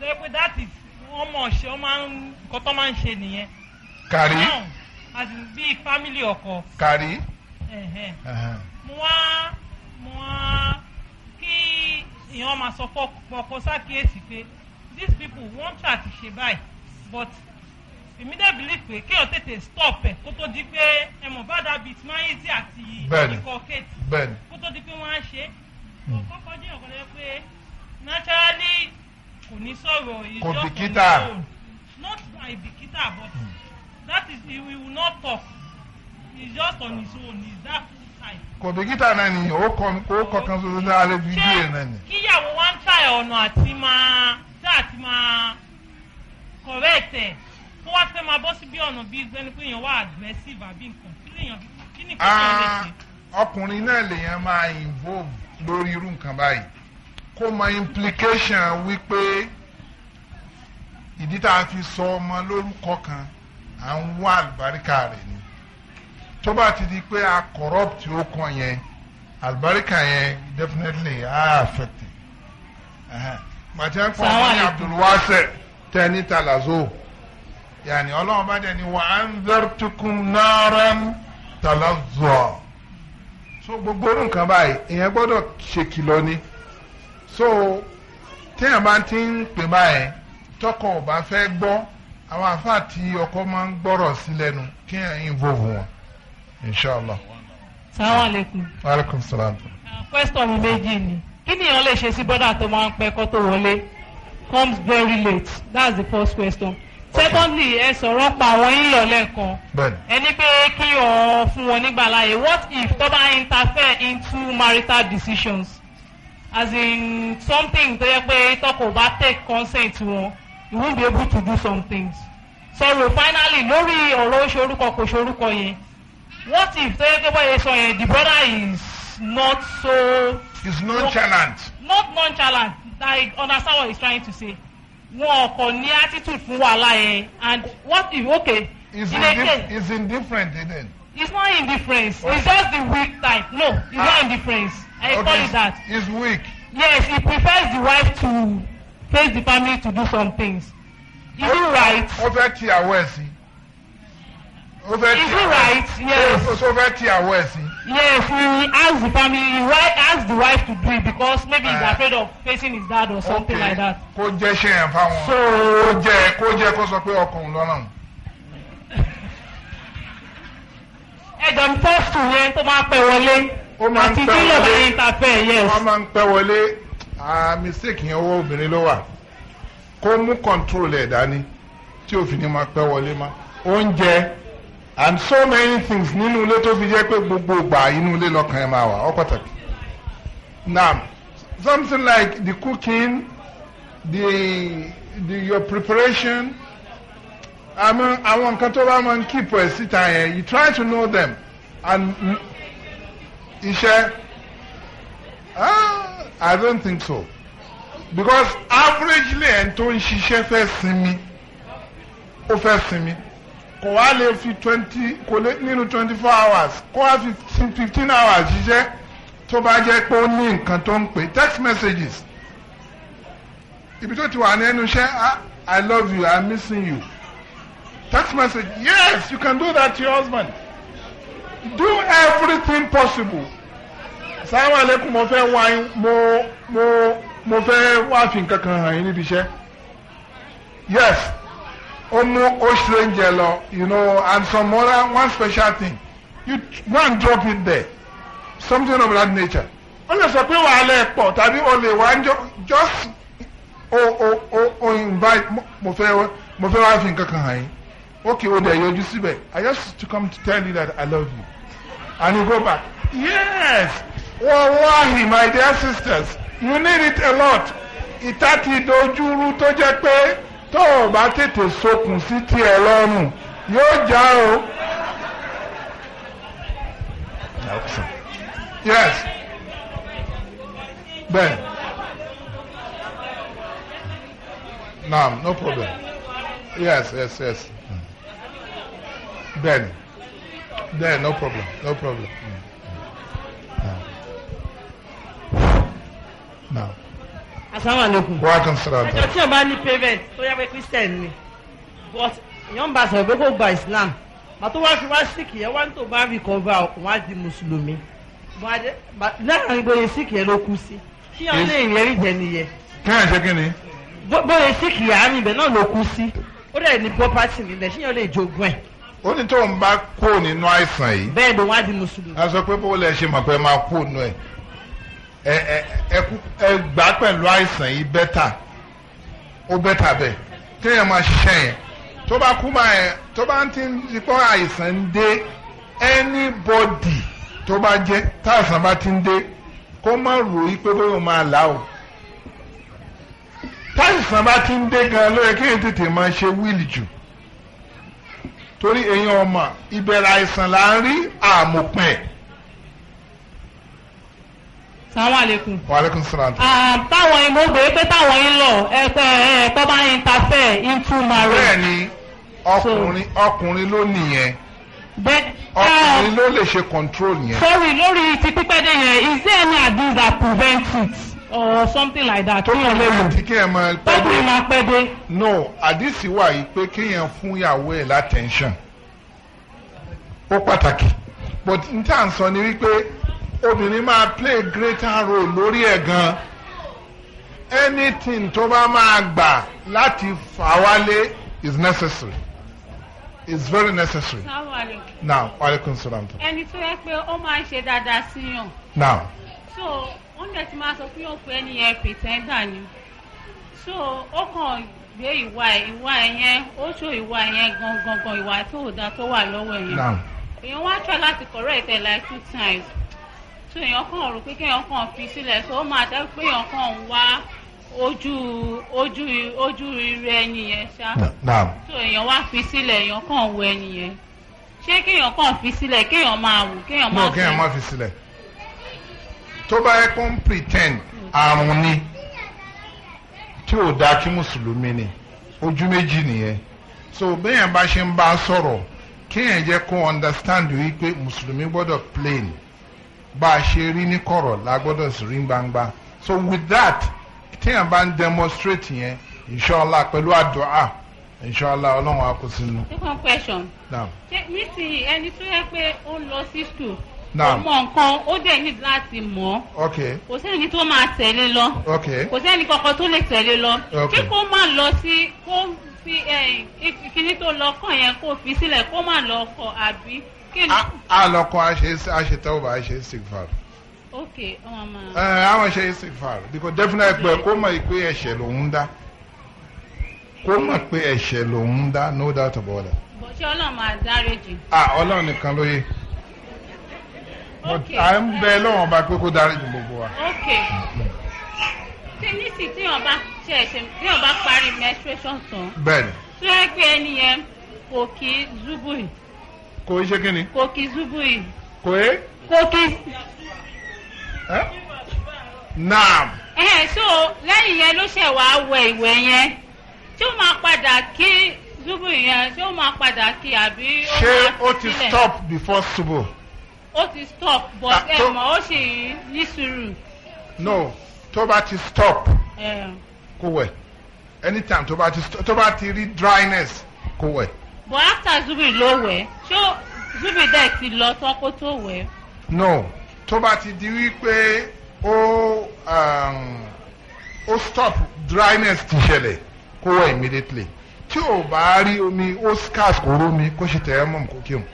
tó yẹ pé that is wọ́n mọ̀ ṣe wọ́n máa ń nǹkan tó máa ń ṣe nìyẹn. kàrí. àti bíi fámìlì ọkọ. kàrí. mo wá mo wá kí èèyàn máa sọ fọkọ sákìyèsí pé these people wọ́n ṣàti ṣe báyìí but èmi dẹ̀ believe pé kéèyàn tètè stop ẹ̀ kó tó di pé ẹ mọ̀ bá dàbí máa ń yíṣẹ́ àti ikọ̀ kéètì kó tó di pé wọ́n á ṣe é. Hmm. kọ́kọ́ dín ọ̀kan lẹ́yìn pé naturally kò ní sọ̀rọ̀ he just on his own not àìbìkítà but mm. that is he will not talk he just on his own he is that type. kò bìkítà náà ni ó kọ kan ṣoṣo ní alẹ́ bíi díẹ̀ náà ni. kíyàwó wá ń ta ọ̀nà àti máa tá àti máa correct ẹ̀ kó wá fẹ́ máa bọ́ sí bí ọ̀nà bíi ẹni pé èèyàn wà aggressive àbí nǹkan kí lèèyàn kí nìkan ṣe lè ṣe. Ah, ọkùnrin náà lèèyàn máa involve lórí irú nǹkan báyìí kó mọ implication wípé ìdí tá a fi sọ ọmọ lórúkọ kan à ń wá àlùbáríkà rẹ̀ ni tó bá ti di pé a corrupt ó kàn yẹn àlùbáríkà yẹn definitely a affect màtí ẹ kọ́ ọmọ ní abdulwasẹ tẹni talazo yàní ọlọ́run bá dẹ̀ ni wà á ń dẹ́rùtukùn náírà talazo so gbogbo nǹkan báyìí ìyẹn gbọ́dọ̀ ṣèkìlọ̀ ni so téèyàn bá ti ń pè báyẹn tọkọ ò bá fẹ́ gbọ́ àwọn àfáà tí ọkọ máa ń gbọ́rọ̀ sí lẹ́nu kí ẹ̀ ń vòvò wọn inshàlá. salaam aleykum. aleykum salaam. question mi méjì ni kí ni èèyàn lè ṣe sí bọ́dà tó máa ń pẹ́ kó tó wọlé comes very late that's the first question. secondly ẹ sọ̀rọ̀ pa àwọn yíyọ̀ lẹ́ẹ̀kan ẹni pé kí wọ́n fún wọn nígbà láàyè what if tó bá interfere into marital decisions as in something tó yẹ pé tọkọ bá take consent wọn you won't be able to do some things sọ̀rọ̀ finally lórí ọ̀rọ̀ oṣorúkọ kò ṣorúkọ yẹn what if tó yẹ pé bọ́yẹ sọ yẹn the brother is not so. is nonchalant. not nonchalant like understand what he's trying to say wọn ọkọ ní attitude fún wàhálà yẹn and what if okay. is in indif is indifferent then. it's not indifference okay. it's just the weak type no it's not ah. indifference. I okay. call it that. He's weak. Yes, he prefers the wife to face the family to do some things. Is he right? Ó fẹ́ ti àwọ̀ ẹ̀ sí. Is he right? Yes. Ó fẹ́ ti àwọ̀ ẹ̀ Yes, he asked the family, he right, the wife to do it because maybe he's ah. afraid of facing his dad or something okay. like that. Kó jẹ́ ṣe yẹn fáwọn. So kó jẹ́ kó jẹ́ kó sọ pé ọkùnrin lọ́nà. Ẹ̀jọ̀ mi fọ́ọ̀sì yẹn tó máa pẹ́ wọlé àti tí yóò bá yín ta fẹ́ mistake yẹn owó obìnrin ló wà kó mú control ẹ̀ dání tí òfin ni máa pẹ́ wọlé má oúnjẹ and so many things nínú ilé tó fi jẹ́ pé gbogbo ìgbà inú ilé lọ́kàn ẹ̀ máa wà ọ́ pàtàkì now something like the cooking the the your preparation àwọn àwọn nǹkan tó bá máa ń keep ẹ̀ síta yẹn you try to know them and iṣẹ́ ah, I don't think so because averagely ẹni tó ń ṣiṣẹ́ fẹ́ sinmi ó fẹ́ sinmi kò wá lè fi twenty kò lè nínú twenty four hours kó wá fi fifteen hours ṣiṣẹ́ tó bá jẹ́ pé ó ní nǹkan tó ń pè text messages ibi tó ti wà ní ẹnu iṣẹ́ ah, I love you I'm missing you text message yes you can do that to your husband do everything possible salamu aleykum mo fẹ́ wá mo mo mo fẹ́ wá fi nǹkan kan hàn yín níbi iṣẹ́ yes ó mú ó ṣèǹjẹ lọ you know and some other one special thing you one drop it there something of that nature ó lè sọ pé wàhálà ẹ pọ̀ tàbí o lè wá just o o o invite mo fẹ́ mo fẹ́ wá fi nǹkan kan hàn yín okay ó dẹ̀ yọjú síbẹ̀ i just to come to tell you that i love you and you go back yes wallahi my dear sisters you need it a lot ìtàtì dojúrú tó jẹ́ pé tó o bá tètè sokùn sí tiẹ̀ lọ́rùn yóò já o. yes bẹ́ẹ̀ naam no problem yes yes yes. Ben, then no problem, no problem. Mm. Now. asalaamualeykum. wa aleykum salaam. ẹjọ tí o bá ní parent tó yẹ pé christian ni but èèyàn bá sọ̀rọ̀ pé kò gba islam bàtó wá fi wá sikh yẹn wá ní tó bá recover ọkùn wá di mùsùlùmí láàrin bóyá sikh yẹn ló kú sí kí wọn lè yẹrí jẹ nìyẹn. kí wọn ṣe kí ni. bóyá sikh yẹn àárín ibẹ̀ náà ló kú sí ó dẹ̀ ní property nílẹ̀ kí wọn lè jogún ẹ̀ ó ní tóun bá kó nínú àìsàn yìí. bẹ́ẹ̀ ló wá di mùsùlùmí. a sọ pé bó lẹ ṣe mọ̀ pé máa kó nù ẹ̀ ẹ gbà pẹ̀lú àìsàn yìí bẹ́tà ó bẹ́tà bẹ́ẹ̀ téèyàn máa ṣiṣẹ́ yẹn tó bá kú máa yẹn tó bá ti ń dipọ́ àìsàn ń dé anybody tó bá jẹ́ táìsàn bá ti ń dé kó má rò í pé bóyá máa là o táìsàn bá ti ń dé gan ló yẹ kí n tètè máa ṣe wíìlì jù torí èèyàn ọmọ ìbẹ̀rẹ̀ àìsàn là ń rí àmọ̀pin. sàlámù aleykum. wa aleykum salaam. táwọn ìmọ̀ obìnrin pé táwọn ń lọ ẹ̀pẹ́ ẹ̀pẹ́ bá ń tafẹ́ into marriage. bẹ́ẹ̀ni ọkùnrin ọkùnrin ló nìyẹn ọkùnrin ló lè ṣe control yẹn. sorry lórí ti pípẹ́ dé yẹn is there any abuse that prevent it or something like that. tó yàn lẹ́yìn. ti kí ẹ máa pẹ́ dé. tọ́kùnrin máa pẹ́ dé. no àdìsí wà yìí pé kéèyàn fún ìyàwó ẹ̀ látẹ̀ǹṣàn ó pàtàkì but n tí à ń sọ ni wípé obìnrin máa play greater role lórí ẹ̀ gan anything tó bá máa gbà láti fà wálé is necessary is very necessary. now aleykum salaam. ẹni tó yẹ pé ó máa ń ṣe dáadáa síyàn. now. so wọ́n dẹ̀ ti máa sọ pé òkú ẹni yẹn pìtẹ́ndà ni so ó kàn gbé ìwà ìwà yẹn ó ṣó ìwà yẹn gangan ìwà tó ò da tó wà lọ́wọ́ yẹn èèyàn wá try láti correct ẹ̀ like two times so èèyàn kàn rò pé kéèyàn kàn fi sílẹ̀ so ó máa dẹ́ pé èèyàn kàn ń wá ojú ojú ojú irú ẹni yẹn ṣá so èèyàn wá fi sílẹ̀ èèyàn kàn wo ẹni yẹn ṣé kéèyàn kàn fi sílẹ̀ kéèyàn máa wò kéèyàn máa sọ kéèyàn máa fi sílẹ̀ tó bá yẹ kó ń pretend àrùn ni tí ò dáa kí mùsùlùmí ni ojú méjì nìyẹn so bẹ́ẹ̀ bá ṣe ń bá a sọ̀rọ̀ kéèyàn jẹ́ kó understand wípé mùsùlùmí gbọ́dọ̀ plain bá a ṣe rí ní kọ̀rọ̀ la gbọ́dọ̀ sì rí gbangba so with that téèyàn bá ń demonstrate yẹn inshallah pẹ̀lú àdúrà inshallah ọlọ́run á kó sínú. second question. ṣé nísìnyí ẹni tó yẹ pé ó ń lọ sí school ọmọ nǹkan ó dẹ̀ ní láti mọ̀ ọ́ kò sẹ́ni tó máa tẹ̀lé lọ kò sẹ́ni kankan tó lè tẹ̀lé lọ kí kó má lọ sí kó fi kíní tó lọ kàn yẹn kó fi sílẹ̀ kó má lọ kọ àbí. a lọ kọ aṣetọ́ bá aṣe sigfar. ok ọmọ máa. ẹ àwọn ṣe sigfar because definitely pé kó mọ̀ pé ẹ̀ṣẹ̀ lòún dá kó mọ̀ pé ẹ̀ṣẹ̀ lòún dá no doubt about it. bọ̀ṣẹ́ ọlọ́run máa dáríjì. ah ọlọ́run nìkan ló yẹ à ń bẹ lọ́wọ́n ọba pé kó dárí jù gbogbo wa. ṣé nísìsiyìí tí wọ́n bá ṣẹ̀ṣẹ̀ tí wọ́n bá parí menstruation tán. bẹ́ẹ̀ni. tó yẹ pé ẹni yẹn kò kí zubu yìí. kò í ṣe kí ni. kò kí zubu yìí. kò é. kò kí. naam. ẹ so lẹ́yìn yẹn ló ṣẹ̀ wá wẹ ìwẹ̀ yẹn tí ó máa padà kí zubu yẹn tí ó máa padà kí àbí ó máa sílẹ̀. ṣé ó ti stop before subu ó ti stop but ẹ mọ̀ ó sì ní sùúrù. no tó bá ti stop kó wẹ̀ anytime tó bá ti tó bá ti rí dryness kó wẹ̀. but after zubi ló wẹ̀ ṣó zubi dẹ̀ ti lọ tán kó tó wẹ̀. no tó bá ti di wípé ó um, ó stop dryness ti ṣẹlẹ̀ kó wẹ̀ immediately tí o bá rí omi ó scarce kó rómi kó ṣe tẹ̀ ẹ́ mọ̀ kó kí òun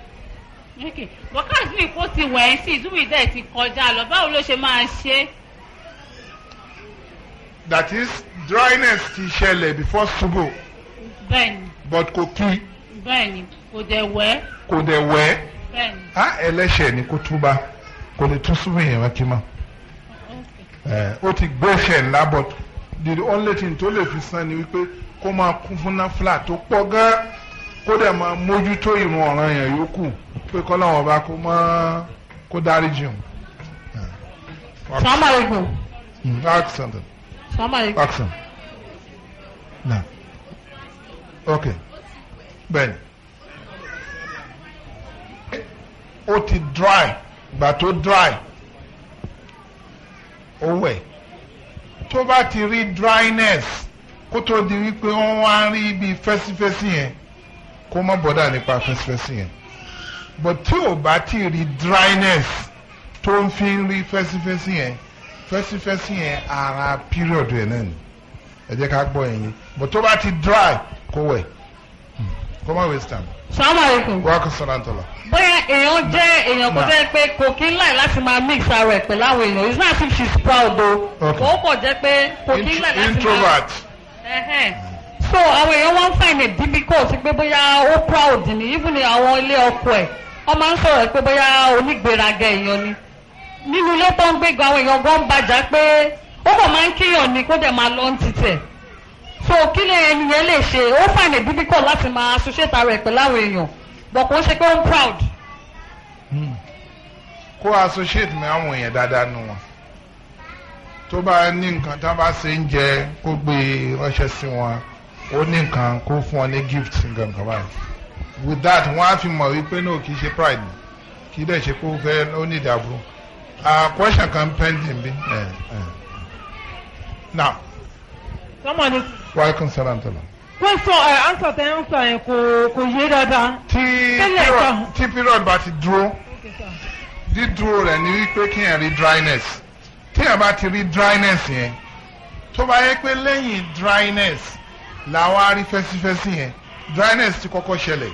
wákàtí nìkó ti wẹ̀ ẹ́ sí ìdúmí dẹ̀ ti kọjá lọ báwo ló ṣe máa ṣe. that is dryness ti ṣẹlẹ̀ before sugo. bẹ́ẹ̀ni. but kò kí. bẹ́ẹ̀ni kò dẹ̀ wẹ̀. kò dẹ̀ wẹ̀. bẹ́ẹ̀ni. a ẹlẹ́ṣẹ̀ ni kó túba kò lè tún súnmọ́ èèyàn kí mọ́. ó ti gbẹ́sẹ̀ ńlá but the only thing tó lè fi san ni wípé kó máa kún fún náfìlà tó pọ̀ gan-an kó dẹ̀ máa mójútó ìrun ọ̀ràn yẹn yòókù pé kọ́láwọn bá kó mọ́ kó dárí jùn. sàmà ìgbò. action then. sàmà ìgbò. action. na ok bẹ́ẹ̀ni ó ti dry gbà tó dry ó wẹ̀ tó bá ti rí dryness kó tó di wípé wọ́n wá rí ibi fẹ́sífẹ́sí yẹn kó má bọ́dà nípa fẹsifẹsi yẹn but tí ò bá ti rí dryness tó ń fi rí fẹsifẹsi yẹn fẹsifẹsi yẹn ara period yẹn náà ni ẹ jẹ́ ká gbọ́ yẹn but tó bá ti dry kó wẹ̀ hmm. kó waste time. sàmàlìkùn. wàá sọ̀rọ̀ àtọ̀là. bóyá èèyàn jẹ́ èèyàn kò jẹ́ pé kò láì láti máa mix ara ẹ̀ pẹ̀lú àwọn èèyàn it's not if she's proud o. ó kò jẹ́ pé kò láì láti máa. introvert. Uh -huh. so àwọn èèyàn find difficult pé bóyá proud even àwọn ilé ọkọ máa ń pé bóyá èèyàn ni nínú ilé tó ń gbé gan àwọn èèyàn gan bàjá pé ó kàn máa ń kíyàn ni kó dẹ̀ máa lọ so kí lè ẹni yẹn find difficult láti máa associate pẹ̀lú àwọn èèyàn ṣe pé ó hmm. associate mi àwọn èèyàn dáadáa nù wọn tó ó ní nǹkan kó fún ọ ní gift nǹkan kan báyìí with that wọ́n á fi mọ̀ wípé náà kì í ṣe pride kì í dẹ̀ ṣe kó fẹ́ ó ní ìdàbò question kan pending bí. now. sọ́mọ ni. wàlúùkún sálàm tó lọ. question ẹ̀ uh, answer tẹ̀ ń sọ yẹn kò kò yé dáadáa. tí period tí period bá ti dúró dídúró rẹ̀ ni wípé kí ẹ̀ rí dryness tí ẹ̀ bá ti rí dryness yẹn tó bá yẹ pé lẹ́yìn dryness làwọn arí fẹsifẹsi yẹn dryness ti kọ́kọ́ ṣẹlẹ̀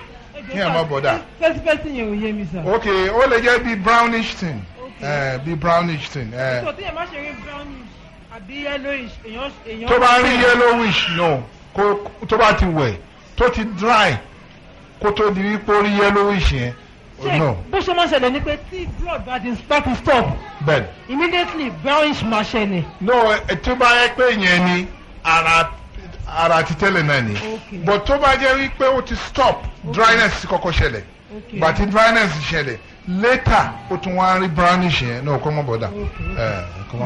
ní àmọ́ bọ̀dà. fẹsifẹsi yẹn ò yé mi sàn. ok ó lè jẹ́ bí brownish thing bí brownish thing. ìṣòro tí yẹn má ṣe rí brownish àbí yellowish èèyàn. tó bá rí yellowish no kó tó bá ti wẹ̀ tó ti dry kó tó di wípé ó rí yellowish yẹn no. bó ṣe máa ṣẹlẹ̀ ni pé tí blood bá ti start to stop. bẹ́ẹ̀ immediately brownish máa ṣẹlẹ̀. no tí ó bá yẹ pé yẹn ni ara ara ti tẹ́lẹ̀ náà ni but tó bá jẹ́ wípé ó ti stop dryness kọ́kọ́ But gbàtí dryness ṣẹlẹ̀ later ó tún wá rí brownish yẹn náà kọ́ mọ́ bọ́dà.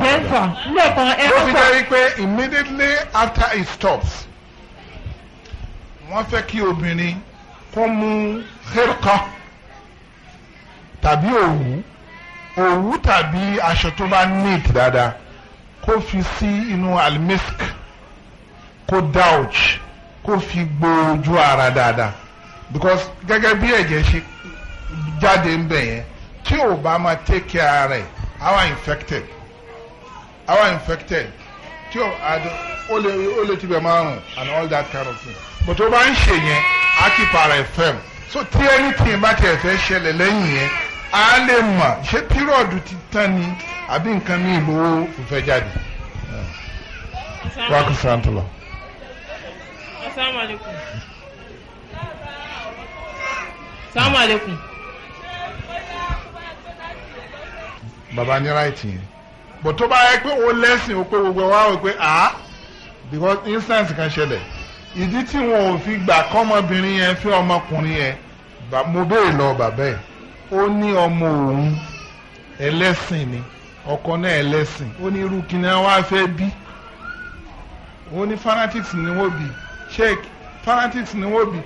bẹ́ẹ̀fà lẹ́ẹ̀kan fi jẹ́ wípé immediately after it stops wọ́n fẹ́ kí obìnrin kó mú hẹ́rkọ́ tàbí òwú òwú tàbí aṣọ tó bá neat dáadáa kó fi sí inú almisk kó douch kó fi gbójú ara dáadáa because gẹ́gẹ́ bí ẹ̀jẹ̀ ṣe jáde ń bẹ̀ yẹn tí ò bá máa take care rẹ̀ our infected our infected tí ò àdó ó lè ó lè tibẹ̀ máa rùn and all that kind of thing but ó bá ń ṣe yẹn á kì para ẹ̀ so tí anything bá tiẹ̀ fẹ́ ṣẹlẹ̀ lẹ́yìn yẹn a lè mọ̀ ṣé pírọ̀dù ti tán ni àbí nǹkan mi ló fẹ́ jáde. wákùsà ń tọ́lọ̀. Assalamu alaikum. Assalamu alaikum. Bàbá ní ráìtì yẹn. Bò tó bá yẹ pé o lẹ́sìn o pé gbogbo wa o pé à because instance kan ṣẹlẹ̀. Ìdí tí wọn ò fi gbà kọ́mọbìnrin yẹn fi ọmọkùnrin yẹn mo béèrè lọ bàbá ẹ̀ ó ní ọmọ òun ẹlẹ́sìn ni ọkọ náà ẹlẹ́sìn ó ní irú kìnìún wa fẹ́ bí ó ní fanatics ni wọ́n bí Check fanatics ni wọ́n bì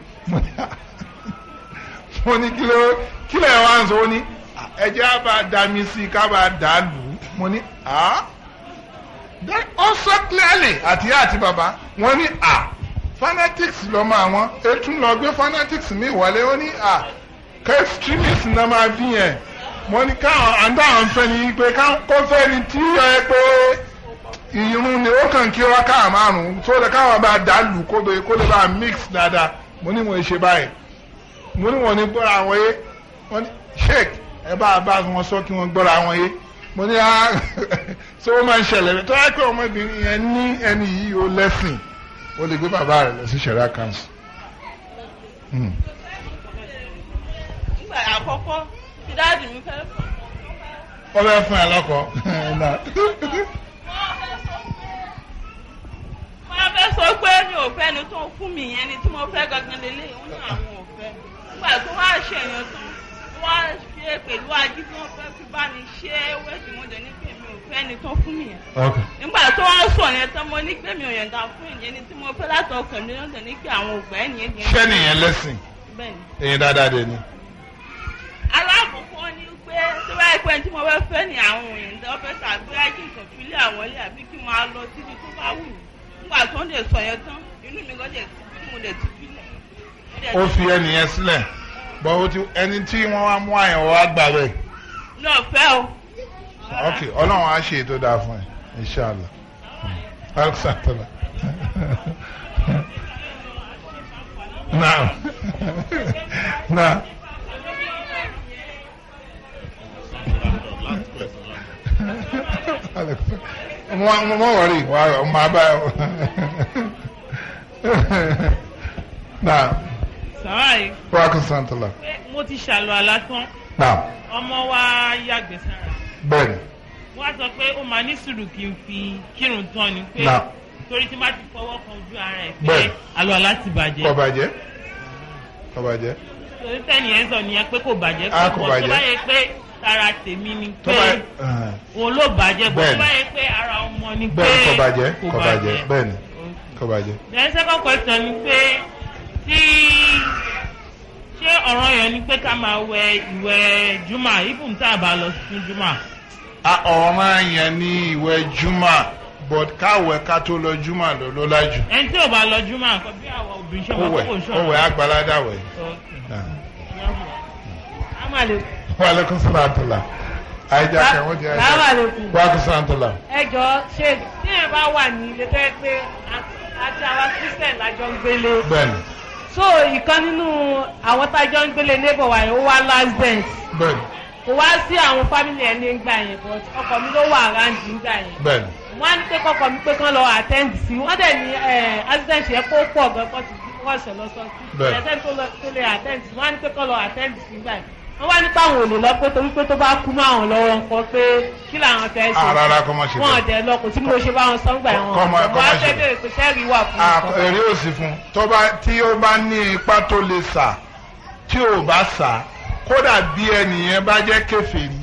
mo ní kí ló kí lè wá ń sọ ní ẹjẹ́ á bá da mi sí i ká bá dà á lù ú mo ní à ó sọ clearly àti àti bàbá wọ́n ní à fanatics lọ́mọ àwọn etún lọ gbé fanatics mi wọlé ó ní à extremist náà máa bí yẹn mo ní káwọn àǹdáwọn fẹ́ ni pé kó fẹ́ ni tí yọ ẹ pé ìrún ni ó kàn kí rákà márùn tó lè káwọn bá dà lù kódo kó lè bá mix dáadáa mo ní wọn ṣe báyìí mo ní wọn ní gbọ́ra àwọn yé wọn ní sheik ẹ bá bá wọn sọ kí wọn gbọ́ra àwọn yé mo ní á ah, so *laughs* ó máa ń ṣẹlẹ̀ rẹ̀ tó yẹ pé ọmọbìnrin yẹn ní ẹni yìí ó lẹ́sìn ó lè gbé bàbá rẹ̀ lọ sí ṣẹ̀rá council. Hmm. nígbà àkọ́kọ́ ti dáàbì mi fẹ́ fọ́. ó fẹ́ fún ẹ lọ́kọ̀ọ́. *laughs* *laughs* fẹ́ sọ pé mi ò fẹ́ ni tó fún mi yẹn ni tí mo fẹ́ gangan lélẹ̀ òun ní àwọn ò fẹ́ nígbà tó wá ṣèyàn tán wá ṣe pẹ̀lú ají tí wọ́n fẹ́ fi bá mi ṣe wẹ́ẹ̀dì mo jẹ́ ní pé mi ò fẹ́ ni tó fún mi yẹn. nígbà tó wá sọ yẹn tán mo ní pé mi ò yọ̀ǹda fún ìyẹn ni tí mo fẹ́ látọkàn mi lọ́dọ̀ ní pé àwọn ògbà ẹ̀ nìyẹn. ṣé lẹ́sìn? alákòókò ni pé tó bá yẹ tí mo bá fẹ́ ni àwọn òyìnbó fẹ́ tàbí kí n kàn àwọn ilé àbí kí n máa lọ síbi tó bá wù mí nígbà tó ń dẹ̀ sọ yẹn tán inú mi gan dẹ̀ ti bí mo dẹ̀ ti bí ó fi ẹnìyẹn sílẹ̀ bọ́ ó ti ẹni tí wọ́n wá mú àyàn wá gbà bẹ́ẹ̀. mi ò o. ok ọlọ́run á ṣe ètò dáa fún ẹ inṣàlá alexandra now now wọ́n wọ̀rí wọ́n máa bá ẹ̀ wọ́n. sàwáì. wákùn santala. mo ti ṣàlù àlásán. ọmọ wa yàgbẹ́ sára. bẹ́ẹ̀ni. wọ́n á sọ pé ó máa ní sùúrù kí n fi kírun tán ni pé torí tí má ti fọwọ́ kan ojú ara ẹ̀ pé àlọ́ àlá bàjẹ́. kò bàjẹ́ kò bàjẹ́. torí sẹ́ni sọ nìyẹn pé kò bàjẹ́. a ah, kò bàjẹ́. kò báyẹn pé ara tèmi ni pé ah. òun ló bàjẹ́ bó bá yẹ pé ara ọmọ ni pé kò bàjẹ́ kò bàjẹ́ bẹ́ẹ̀ kò bàjẹ́. the second question ni pé tí ṣé ọ̀ràn yẹn ni pé ká máa wẹ ìwẹ̀ juma ibùn tá a bá lọ fún juma. ọ̀ràn yẹn ni ìwẹ̀ juma but káwẹ̀ ká tó lọ juma lọ ló lájú. ẹni tí ò bá lọ juma kò bí àwọn obìnrin ṣọwọ́ kókò ṣọwọ́. ó wẹ̀ àgbàlá dàwẹ̀. Okay. Nah. Yeah wa aleykum salaam tula àìjà kẹwọn jẹ ẹjọ wa aleykum salaam tula. ẹjọ ṣe tí ẹ bá wà ní ilé tó yẹ pé àti àwa christian lájọ ń gbélé. bẹẹni. so ìkan nínú àwọn tájọ ń gbélé neighbor wa yẹn ó wá last dance. bẹẹni. kò wá sí àwọn family ẹ ní gbà yẹn but ọkọ mi ló wà around gbà yẹn. bẹẹni. wọn á ní pé kọkọ mi pé kán lọ attend sí wọn dẹ ní accident yẹn kó pọ gan kó ti kó ọsẹ lọ sọ sí. bẹẹni. ẹsẹ attend sí wọn á ní attend sí gbà wọ́n wá nípa àwọn olè lọ pé torí pé tó bá kú mọ́ àwọn lọ́wọ́ nǹkan pé kí làwọn fẹ́ ṣe. àràrà kọ́ mọ̀ ṣe bẹ́ẹ̀. wọ́n dẹ̀ lọ kò tí mo ṣe bá wọn sọ́ngbà ẹ̀wọ̀n. kọ́ mọ̀ kọ́ mọ̀ ṣe bẹ́ẹ̀. wọ́n á fẹ́ sẹ́ẹ̀rì wà fún un. Ah, èrè ò sí fún tí ó bá ní ipá tó lè sà tí ò bá sà kódà bí ẹnìyẹn bá jẹ́ kèfèrí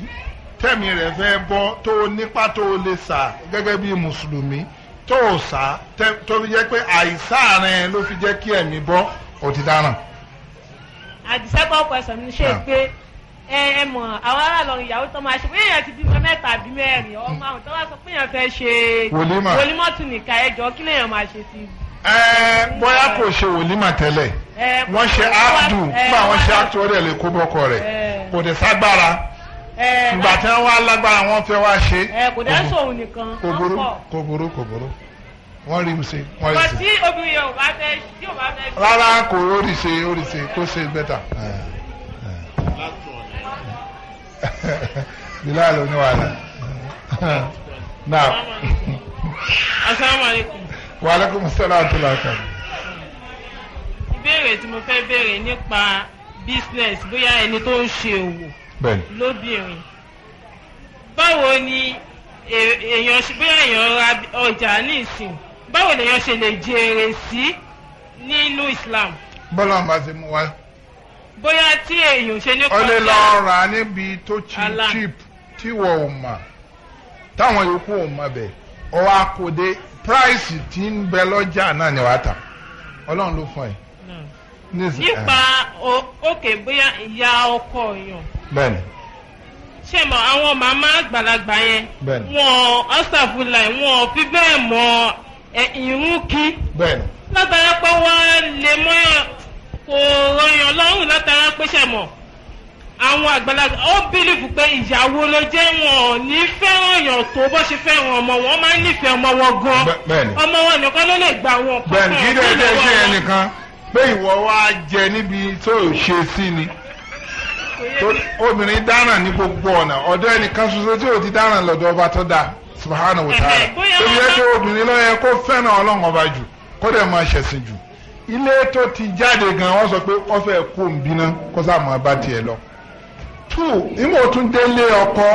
tẹ̀mí rẹ̀ fẹ́ bọ́ tó nípa tó lè sà gẹ́gẹ́ bí mùsùlùmí tó sà tó fi jẹ́ pé àìsàn rẹ̀ ló fi jẹ́ kí ẹ̀mí bọ́ òtítàràn. àdìsẹ́kọ̀ọ́ pẹ̀sẹ̀ mi ṣe ah. pé ẹ mọ̀ àwọn ará Ìlọrin ìyàwó tó máa ṣe pé èèyàn ti bímọ mẹ́ta àbí mẹ́rin ọmọ àwọn tó wá sọ pé èèyàn fẹ́ ṣe wòlímọ̀tù nìka ẹjọ́ kí lèèyàn máa ṣe sí i. ẹ bóyá kò ṣe wòlímọ̀ tẹ́lẹ̀ wọ́n ṣe áàdù nígbà wọ́n ṣe áàtù ọ̀rẹ́ lè kó bọ́kọ rẹ̀ kò dé ságbára ìgbà tí wọ́n wá lágbára wọ́n fẹ́ wá ṣe kò burú kò burú wọ́n rí ṣe wọ́n kò ó rí rí bilal oníwàlà náà. asalaamualeykum. wa aleykum salaam tó la kàn. ìbéèrè tí mo fẹ́ béèrè nípa business bóyá ẹni tó ń ṣe òwò lóbìnrin báwo ni e-, èèyàn bóyá èèyàn ra ọjà ní ìsìn báwo lèèyàn ṣe lè jèrè sí nínú Islam. bọ́lá ọba ti mú wa bóyá tí èèyàn ṣe ní kọjá. ọlẹ́ lọ rà á níbi tó cheap tí wọ́n ò mà táwọn yòókù ò mà bẹ̀ ọwọ́ akóde price tí ń bẹ lọ́jà náà ni wàá tà ọlọ́run ló fún ẹ. Hmm. nípa òkè eh. bóyá ìyá ọkọ èèyàn. bẹ́ẹ̀ni. ṣé mo àwọn màmá àgbàlagbà yẹn. bẹ́ẹ̀ni. wọn ọsàfùlà wọn fi bẹ́ẹ̀ mọ ìrún eh, kí. bẹ́ẹ̀ni. látara pé wọn lè mọ kò rọyàn lọ́rùn látara pẹ́sẹ̀ mọ̀ àwọn àgbàlagbà ó bílífù pé ìyàwó ló jẹ́ wọn ò ní fẹ́ràn yàn tó bó ṣe fẹ́ràn ọmọ wọn máa ń nífẹ̀ẹ́ ọmọ wọn gan ọmọ wọn nìkan ló lè gba wọn. bẹ́ẹ̀ni kí ló dé ṣe yẹn nìkan pé ìwọ wá jẹ níbi tó ṣe sí ni obìnrin dáràn ní gbogbo ọ̀nà ọ̀dọ́ ẹnìkan ṣoṣo tí ò ti dáràn lọ́dọ̀ ọba tó dáa subahana wa ta'ala tó yẹ kí obìnrin ló kó fẹ́ràn ọlọ́run ọba jù kó dẹ̀ máa ṣẹ̀sìn jù ilé tó ti jáde gan wọ́n sọ pé wọ́n fẹ́ kó ń bínú kó sáàmù bá tiẹ̀ lọ. two ìmọ̀ tún délé ọkọ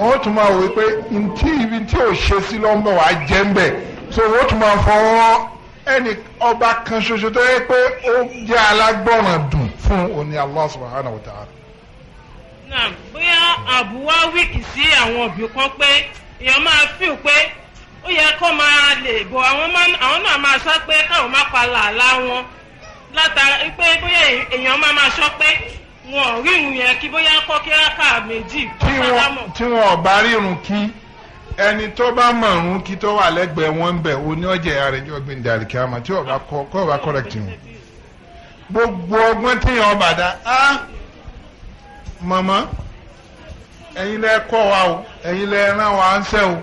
wọ́n tún máa wò pé ntí ibi tí ò ṣe sí lọ́nbọ̀n wàá jẹ́ ń bẹ̀ so wọ́n tún máa fọwọ́ ẹnì ọba kan ṣoṣo tó yẹ pé ó jẹ́ alágbọ̀ràn dùn fún òní Allah subhanahu wa ta'ala. náà bóyá àbúwá wíìkì sí àwọn òbí kan pé èèyàn máa fíw pé ó yẹ kó máa lè bọ àwọn náà máa sọ pé káwọn má pa làálàá wọn látara pé bóyá èèyàn máa máa sọ pé wọn ò rírun yẹn kí bóyá kọ́ kí rákà méjì sálámọ̀. tí wọn ò bá rírun kí ẹni tó bá mọ̀rún kí tó wà lẹ́gbẹ̀ẹ́ wọn bẹ̀ o ní ọjà àrẹjọ gbẹ̀ndẹ̀ àríkàmà tí ọba kọ kọ́ ọba kọ́rẹ́kìtì wọn. gbogbo ọgbọ́n téèyàn ọba dá a màmá ẹ̀yin lẹ́ kọ́ wa o ẹ̀yin lẹ́ rán wa ń sẹ́ o.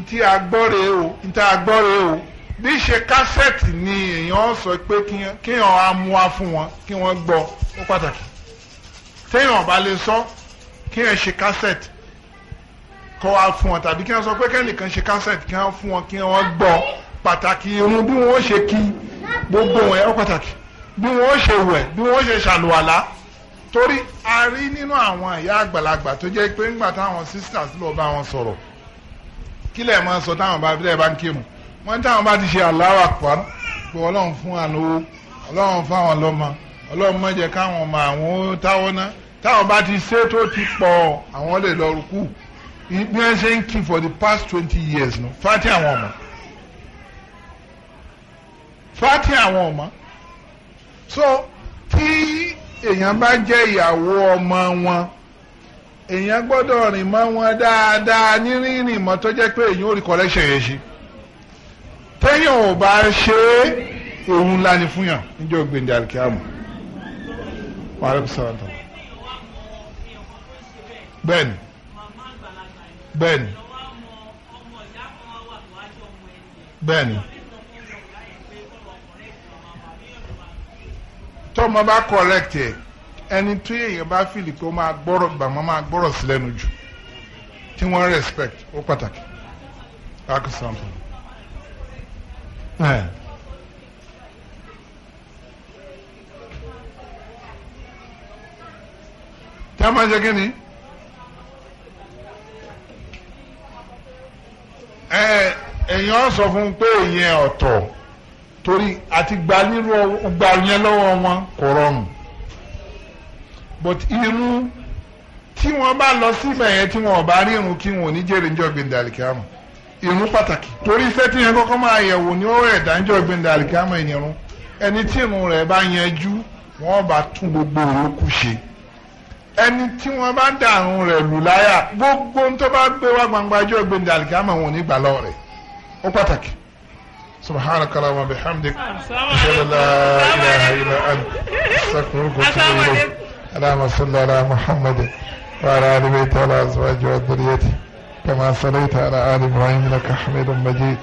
ntí agbọ́re o ntí agbọ́re o bí ṣe kásẹ̀tì ni èèyàn sọ pé kéèyàn á mú wa fún wọn kí wọ́n gbọ́ ó pàtàkì téèyàn bá lè sọ kéèyàn ṣe kásẹ̀tì kọ́ wa fún wọn tàbí kéèyàn sọ pé kẹ́nìkan ṣe kásẹ̀tì kí wọ́n fún wọn kí wọ́n gbọ́ pàtàkì irun bí wọ́n ṣe kí gbogbo wọn ó pàtàkì bí wọ́n ṣe wẹ̀ bí wọ́n ṣe ṣàlùwàlá torí a rí nínú àwọn ìyá àgbàlagbà tó jẹ́ pé ńgbà táwọn sisters lọ bá wọn sọ̀rọ̀ kílẹ̀ máa sọ táwọn bá fílẹ̀ bá ń kírun wọ́n táwọn bá ti ṣe Allahu Akbar pé ọlọ́run fún wa ọlọ́run fáwọn lọ́mọ ọlọ́run má káwọn ọmọ àwọn táwọn ná táwọn bá ti ṣe tó ti pọ̀ àwọn lè lọ rúkú bí wọ́n ṣe ń kí for the past twenty years nù fati àwọn ọmọ fati àwọn ọmọ so tí èèyàn bá jẹ́ ìyàwó ọmọ wọn èèyàn gbọ́dọ̀ rìn mọ́ wọn dáadáa ní rírìn mọ́ tó jẹ́ pé èèyàn ò rí collection yẹn ṣe téèyàn ò bá ṣe é òun ńlá ni fún yàn níjọ́ gbèǹdé alikiamu wàhálà bisalà tó bẹ́ẹ̀ni bẹ́ẹ̀ni bẹ́ẹ̀ni tọ́mọ bá correct ẹni tó èèyàn bá fìlì pé ó máa gbọ́rọ̀ gbà wọ́n máa gbọ́rọ̀ sí lẹ́nu jù tí wọ́n respect ó pàtàkì back sample. Eh. tí a máa ṣe kí ni. èèyàn sọ fún un pé ìyẹn ọ̀tọ̀ torí àti gbalírò gbà lọ́wọ́ wọn kò rọrùn but irun tí wọ́n bá lọ síbẹ̀ yẹn tí wọ́n bá rí irun kí wọ́n ò ní jèrè ń jọ gbẹ̀ndẹ̀ àlìkàmù irun pàtàkì torí iṣẹ́ tí yẹn kọ́kọ́ máa yẹ̀wò ní ó ẹ̀dá ń jọ gbẹ̀ndẹ̀ àlìkàmù ìnirun ẹni tí irun rẹ̀ bá yanjú wọ́n bá tún gbogbo òrókù ṣe ẹni tí wọ́n bá ń dàrún rẹ̀ lù láyà gbogbo tó bá gbé wá gbangba jọ gbẹ̀ndẹ̀ àlìkàmù wọn ò ní gbà lọ rẹ̀ ó pàtàkì سبحانك اللهم وبحمدك اشهد ان لا اله الا انت استغفرك واتوب اليك اللهم صل على محمد وعلى آل بيته وعلى أزواجه وذريته كما صليت على آل إبراهيم إنك حميد مجيد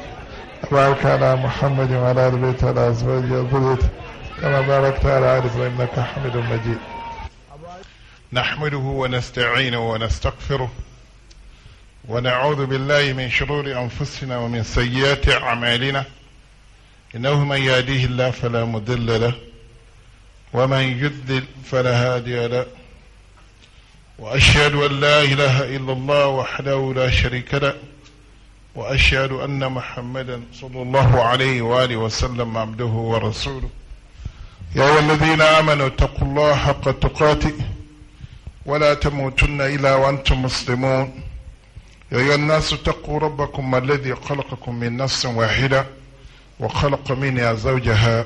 وبارك على محمد وعلى آل بيته وعلى أزواجه وذريته كما باركت على آل إبراهيم إنك حميد مجيد نحمده ونستعينه ونستغفره ونعوذ بالله من شرور أنفسنا ومن سيئات أعمالنا إنه من يهديه الله فلا مضل له ومن يدل فلا هادي له وأشهد أن لا إله إلا الله وحده لا شريك له وأشهد أن محمدا صلى الله عليه وآله وسلم عبده ورسوله يا أيها الذين آمنوا اتقوا الله حق تقاته ولا تموتن إلا وأنتم مسلمون يا أيها الناس اتقوا ربكم الذي خلقكم من نفس واحدة وخلق منها زوجها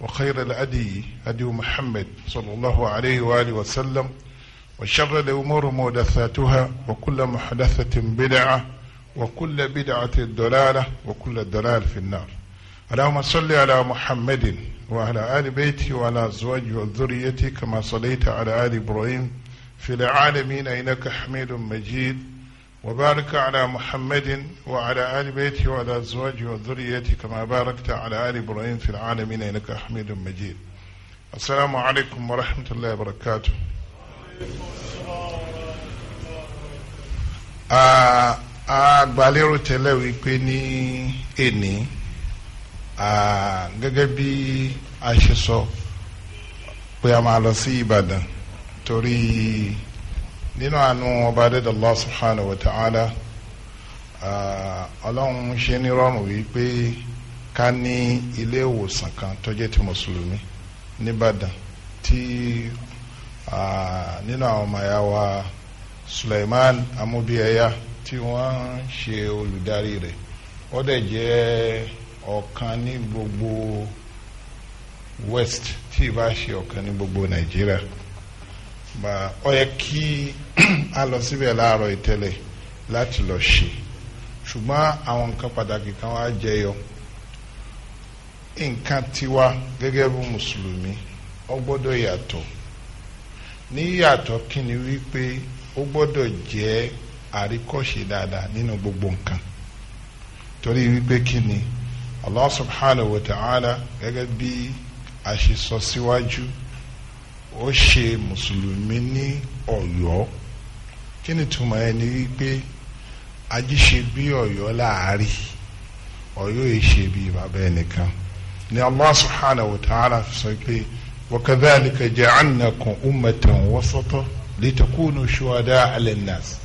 وخير الأدي أدي محمد صلى الله عليه وآله وسلم وشر الأمور محدثاتها وكل محدثة بدعة وكل بدعة ضلالة وكل الدلال في النار اللهم صل على محمد وعلى آل بيته وعلى أزواجه وذريته كما صليت على آل إبراهيم في العالمين إنك حميد مجيد وبارك على محمد وعلى آل بيته وعلى أزواجه وذريته كما باركت على آل إبراهيم في العالمين إنك حميد مجيد السلام عليكم ورحمة الله وبركاته agbalérò tẹ́lẹ̀ wípé ní èní gẹ́gẹ́ bí a ṣe sọ pé a máa lọ sí Ìbàdàn torí nínú àánú ọba dẹ́dẹ̀ Allah subhanahu wa ta'ala ọlọ́run ṣe ní rọrùn wípé ká ní ilé ìwòsàn kan tó ti mùsùlùmí nìbàdàn tí nínú àwọn ọmọ ẹ̀yà wa Suleiman amóbíẹ̀yà tí wọ́n ń ṣe olùdarí rẹ̀ ó dẹ̀ jẹ́ ọ̀kan ní gbogbo west tí ì bá ṣe ọ̀kan ní gbogbo Nàìjíríà. ba ọ yẹ kí a lọ síbẹ̀ láàárọ̀ ìtẹ́lẹ̀ láti lọ ṣe ṣùgbọ́n àwọn nǹkan pàtàkì kan wá jẹyọ nǹkan tiwa gẹ́gẹ́ bí mùsùlùmí ọ gbọ́dọ̀ yàtọ̀ ní yàtọ̀ kí ni wípé ó gbọ́dọ̀ jẹ́ àríkọ́ṣe dáadáa nínú gbogbo nǹkan torí wípé kí ni Allah subhanahu wa ta'ala gẹ́gẹ́ bí a ṣe sọ síwájú. ó ṣe mùsùlùmí ní Ọ̀yọ́ kí ni túmọ̀ ẹ ní wípé ajíṣe bí Ọ̀yọ́ láàárí Ọ̀yọ́ yìí ṣe bí bàbá ẹnìkan ni Allah subhanahu wa ta'ala sọ pé wa kadhalika ja'alnakum ummatan wasata litakunu shuhada'a 'ala an-nas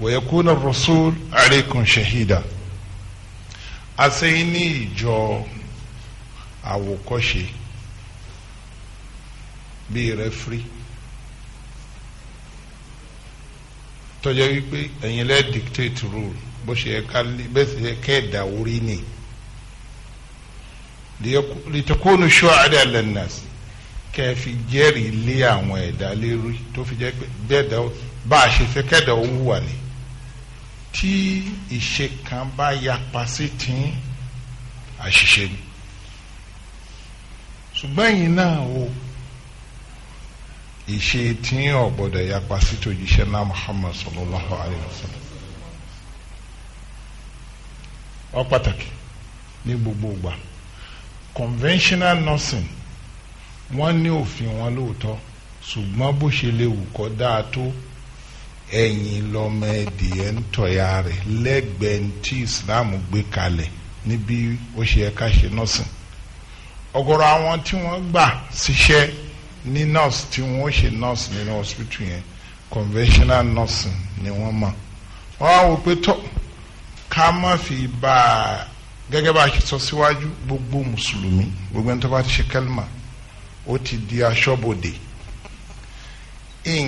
wa yakuna rasul 'alaykum shahida àṣeyìn ní ìjọ àwòkọ́ṣe bíi rẹfiri tọjọ wípé ẹ̀yin lẹ dictate rule bó ṣe yẹ ká bẹ́ẹ̀ ṣe yẹ kẹẹdà orí ni litakunu shu'ada alannas kẹfì jẹ́rìí lé àwọn ẹ̀dá lérí tó fi jẹ́ pé bẹ́ẹ̀dá bá a ṣe fẹ́ kẹ́dà ó wà ní. tí ìṣe kan bá yapa sí tí àṣìṣe ni ṣùgbọ́n yìí náà o. ìṣe tí ò ya yapa sí tòjíṣẹ́ náà Muhammad sallallahu alayhi wa sallam ọ pàtàkì ní gbogbo ìgbà conventional nursing wọ́n ní òfin wọn lóòótọ́ ṣùgbọ́n bó ṣe lè wù kó dáa tó ẹ̀yìn lọ́mọ ẹ̀dìyẹ ń Islam gbé kalẹ̀ níbi ó ṣe ẹ̀ka ṣe nursing ọ̀gọ̀rọ̀ àwọn tí wọ́n gbà Si ní nurse tí wọ́n ṣe nurse nínú hospital yẹn conventional nursing ni wọ́n mọ̀ wọ́n á wò pé tọ́ ká má fi bá a gẹ́gẹ́ bá a ṣe sọ síwájú gbogbo mùsùlùmí gbogbo ẹni tó bá ti ṣe kẹ́lìmà ó ti di aṣọ́bodè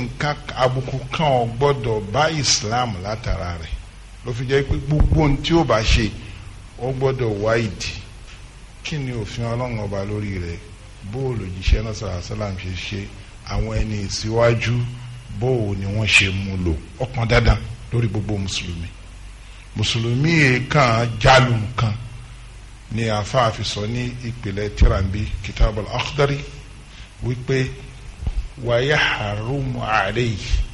nǹkan àbùkù kan ò gbọ́dọ̀ bá Islam látara rẹ̀ ló fi jẹ́ pé gbogbo ohun tí ó bá ṣe ó gbọ́dọ̀ wá ìdí kí ni òfin ọlọ́run ọba lórí rẹ̀ bóòlù jíṣẹ́ náà sọ̀rọ̀ sọ́làm ṣe ṣe àwọn ẹni ìsíwájú bóò ni wọ́n ṣe mú lò ọ̀kan dandan lórí gbogbo mùsùlùmí mùsùlùmí kan jálù kan ni àfáàfi sọ ní ìpìlẹ̀ tìrànbí kitabul akhdari wípé wàyà harumu alayhi.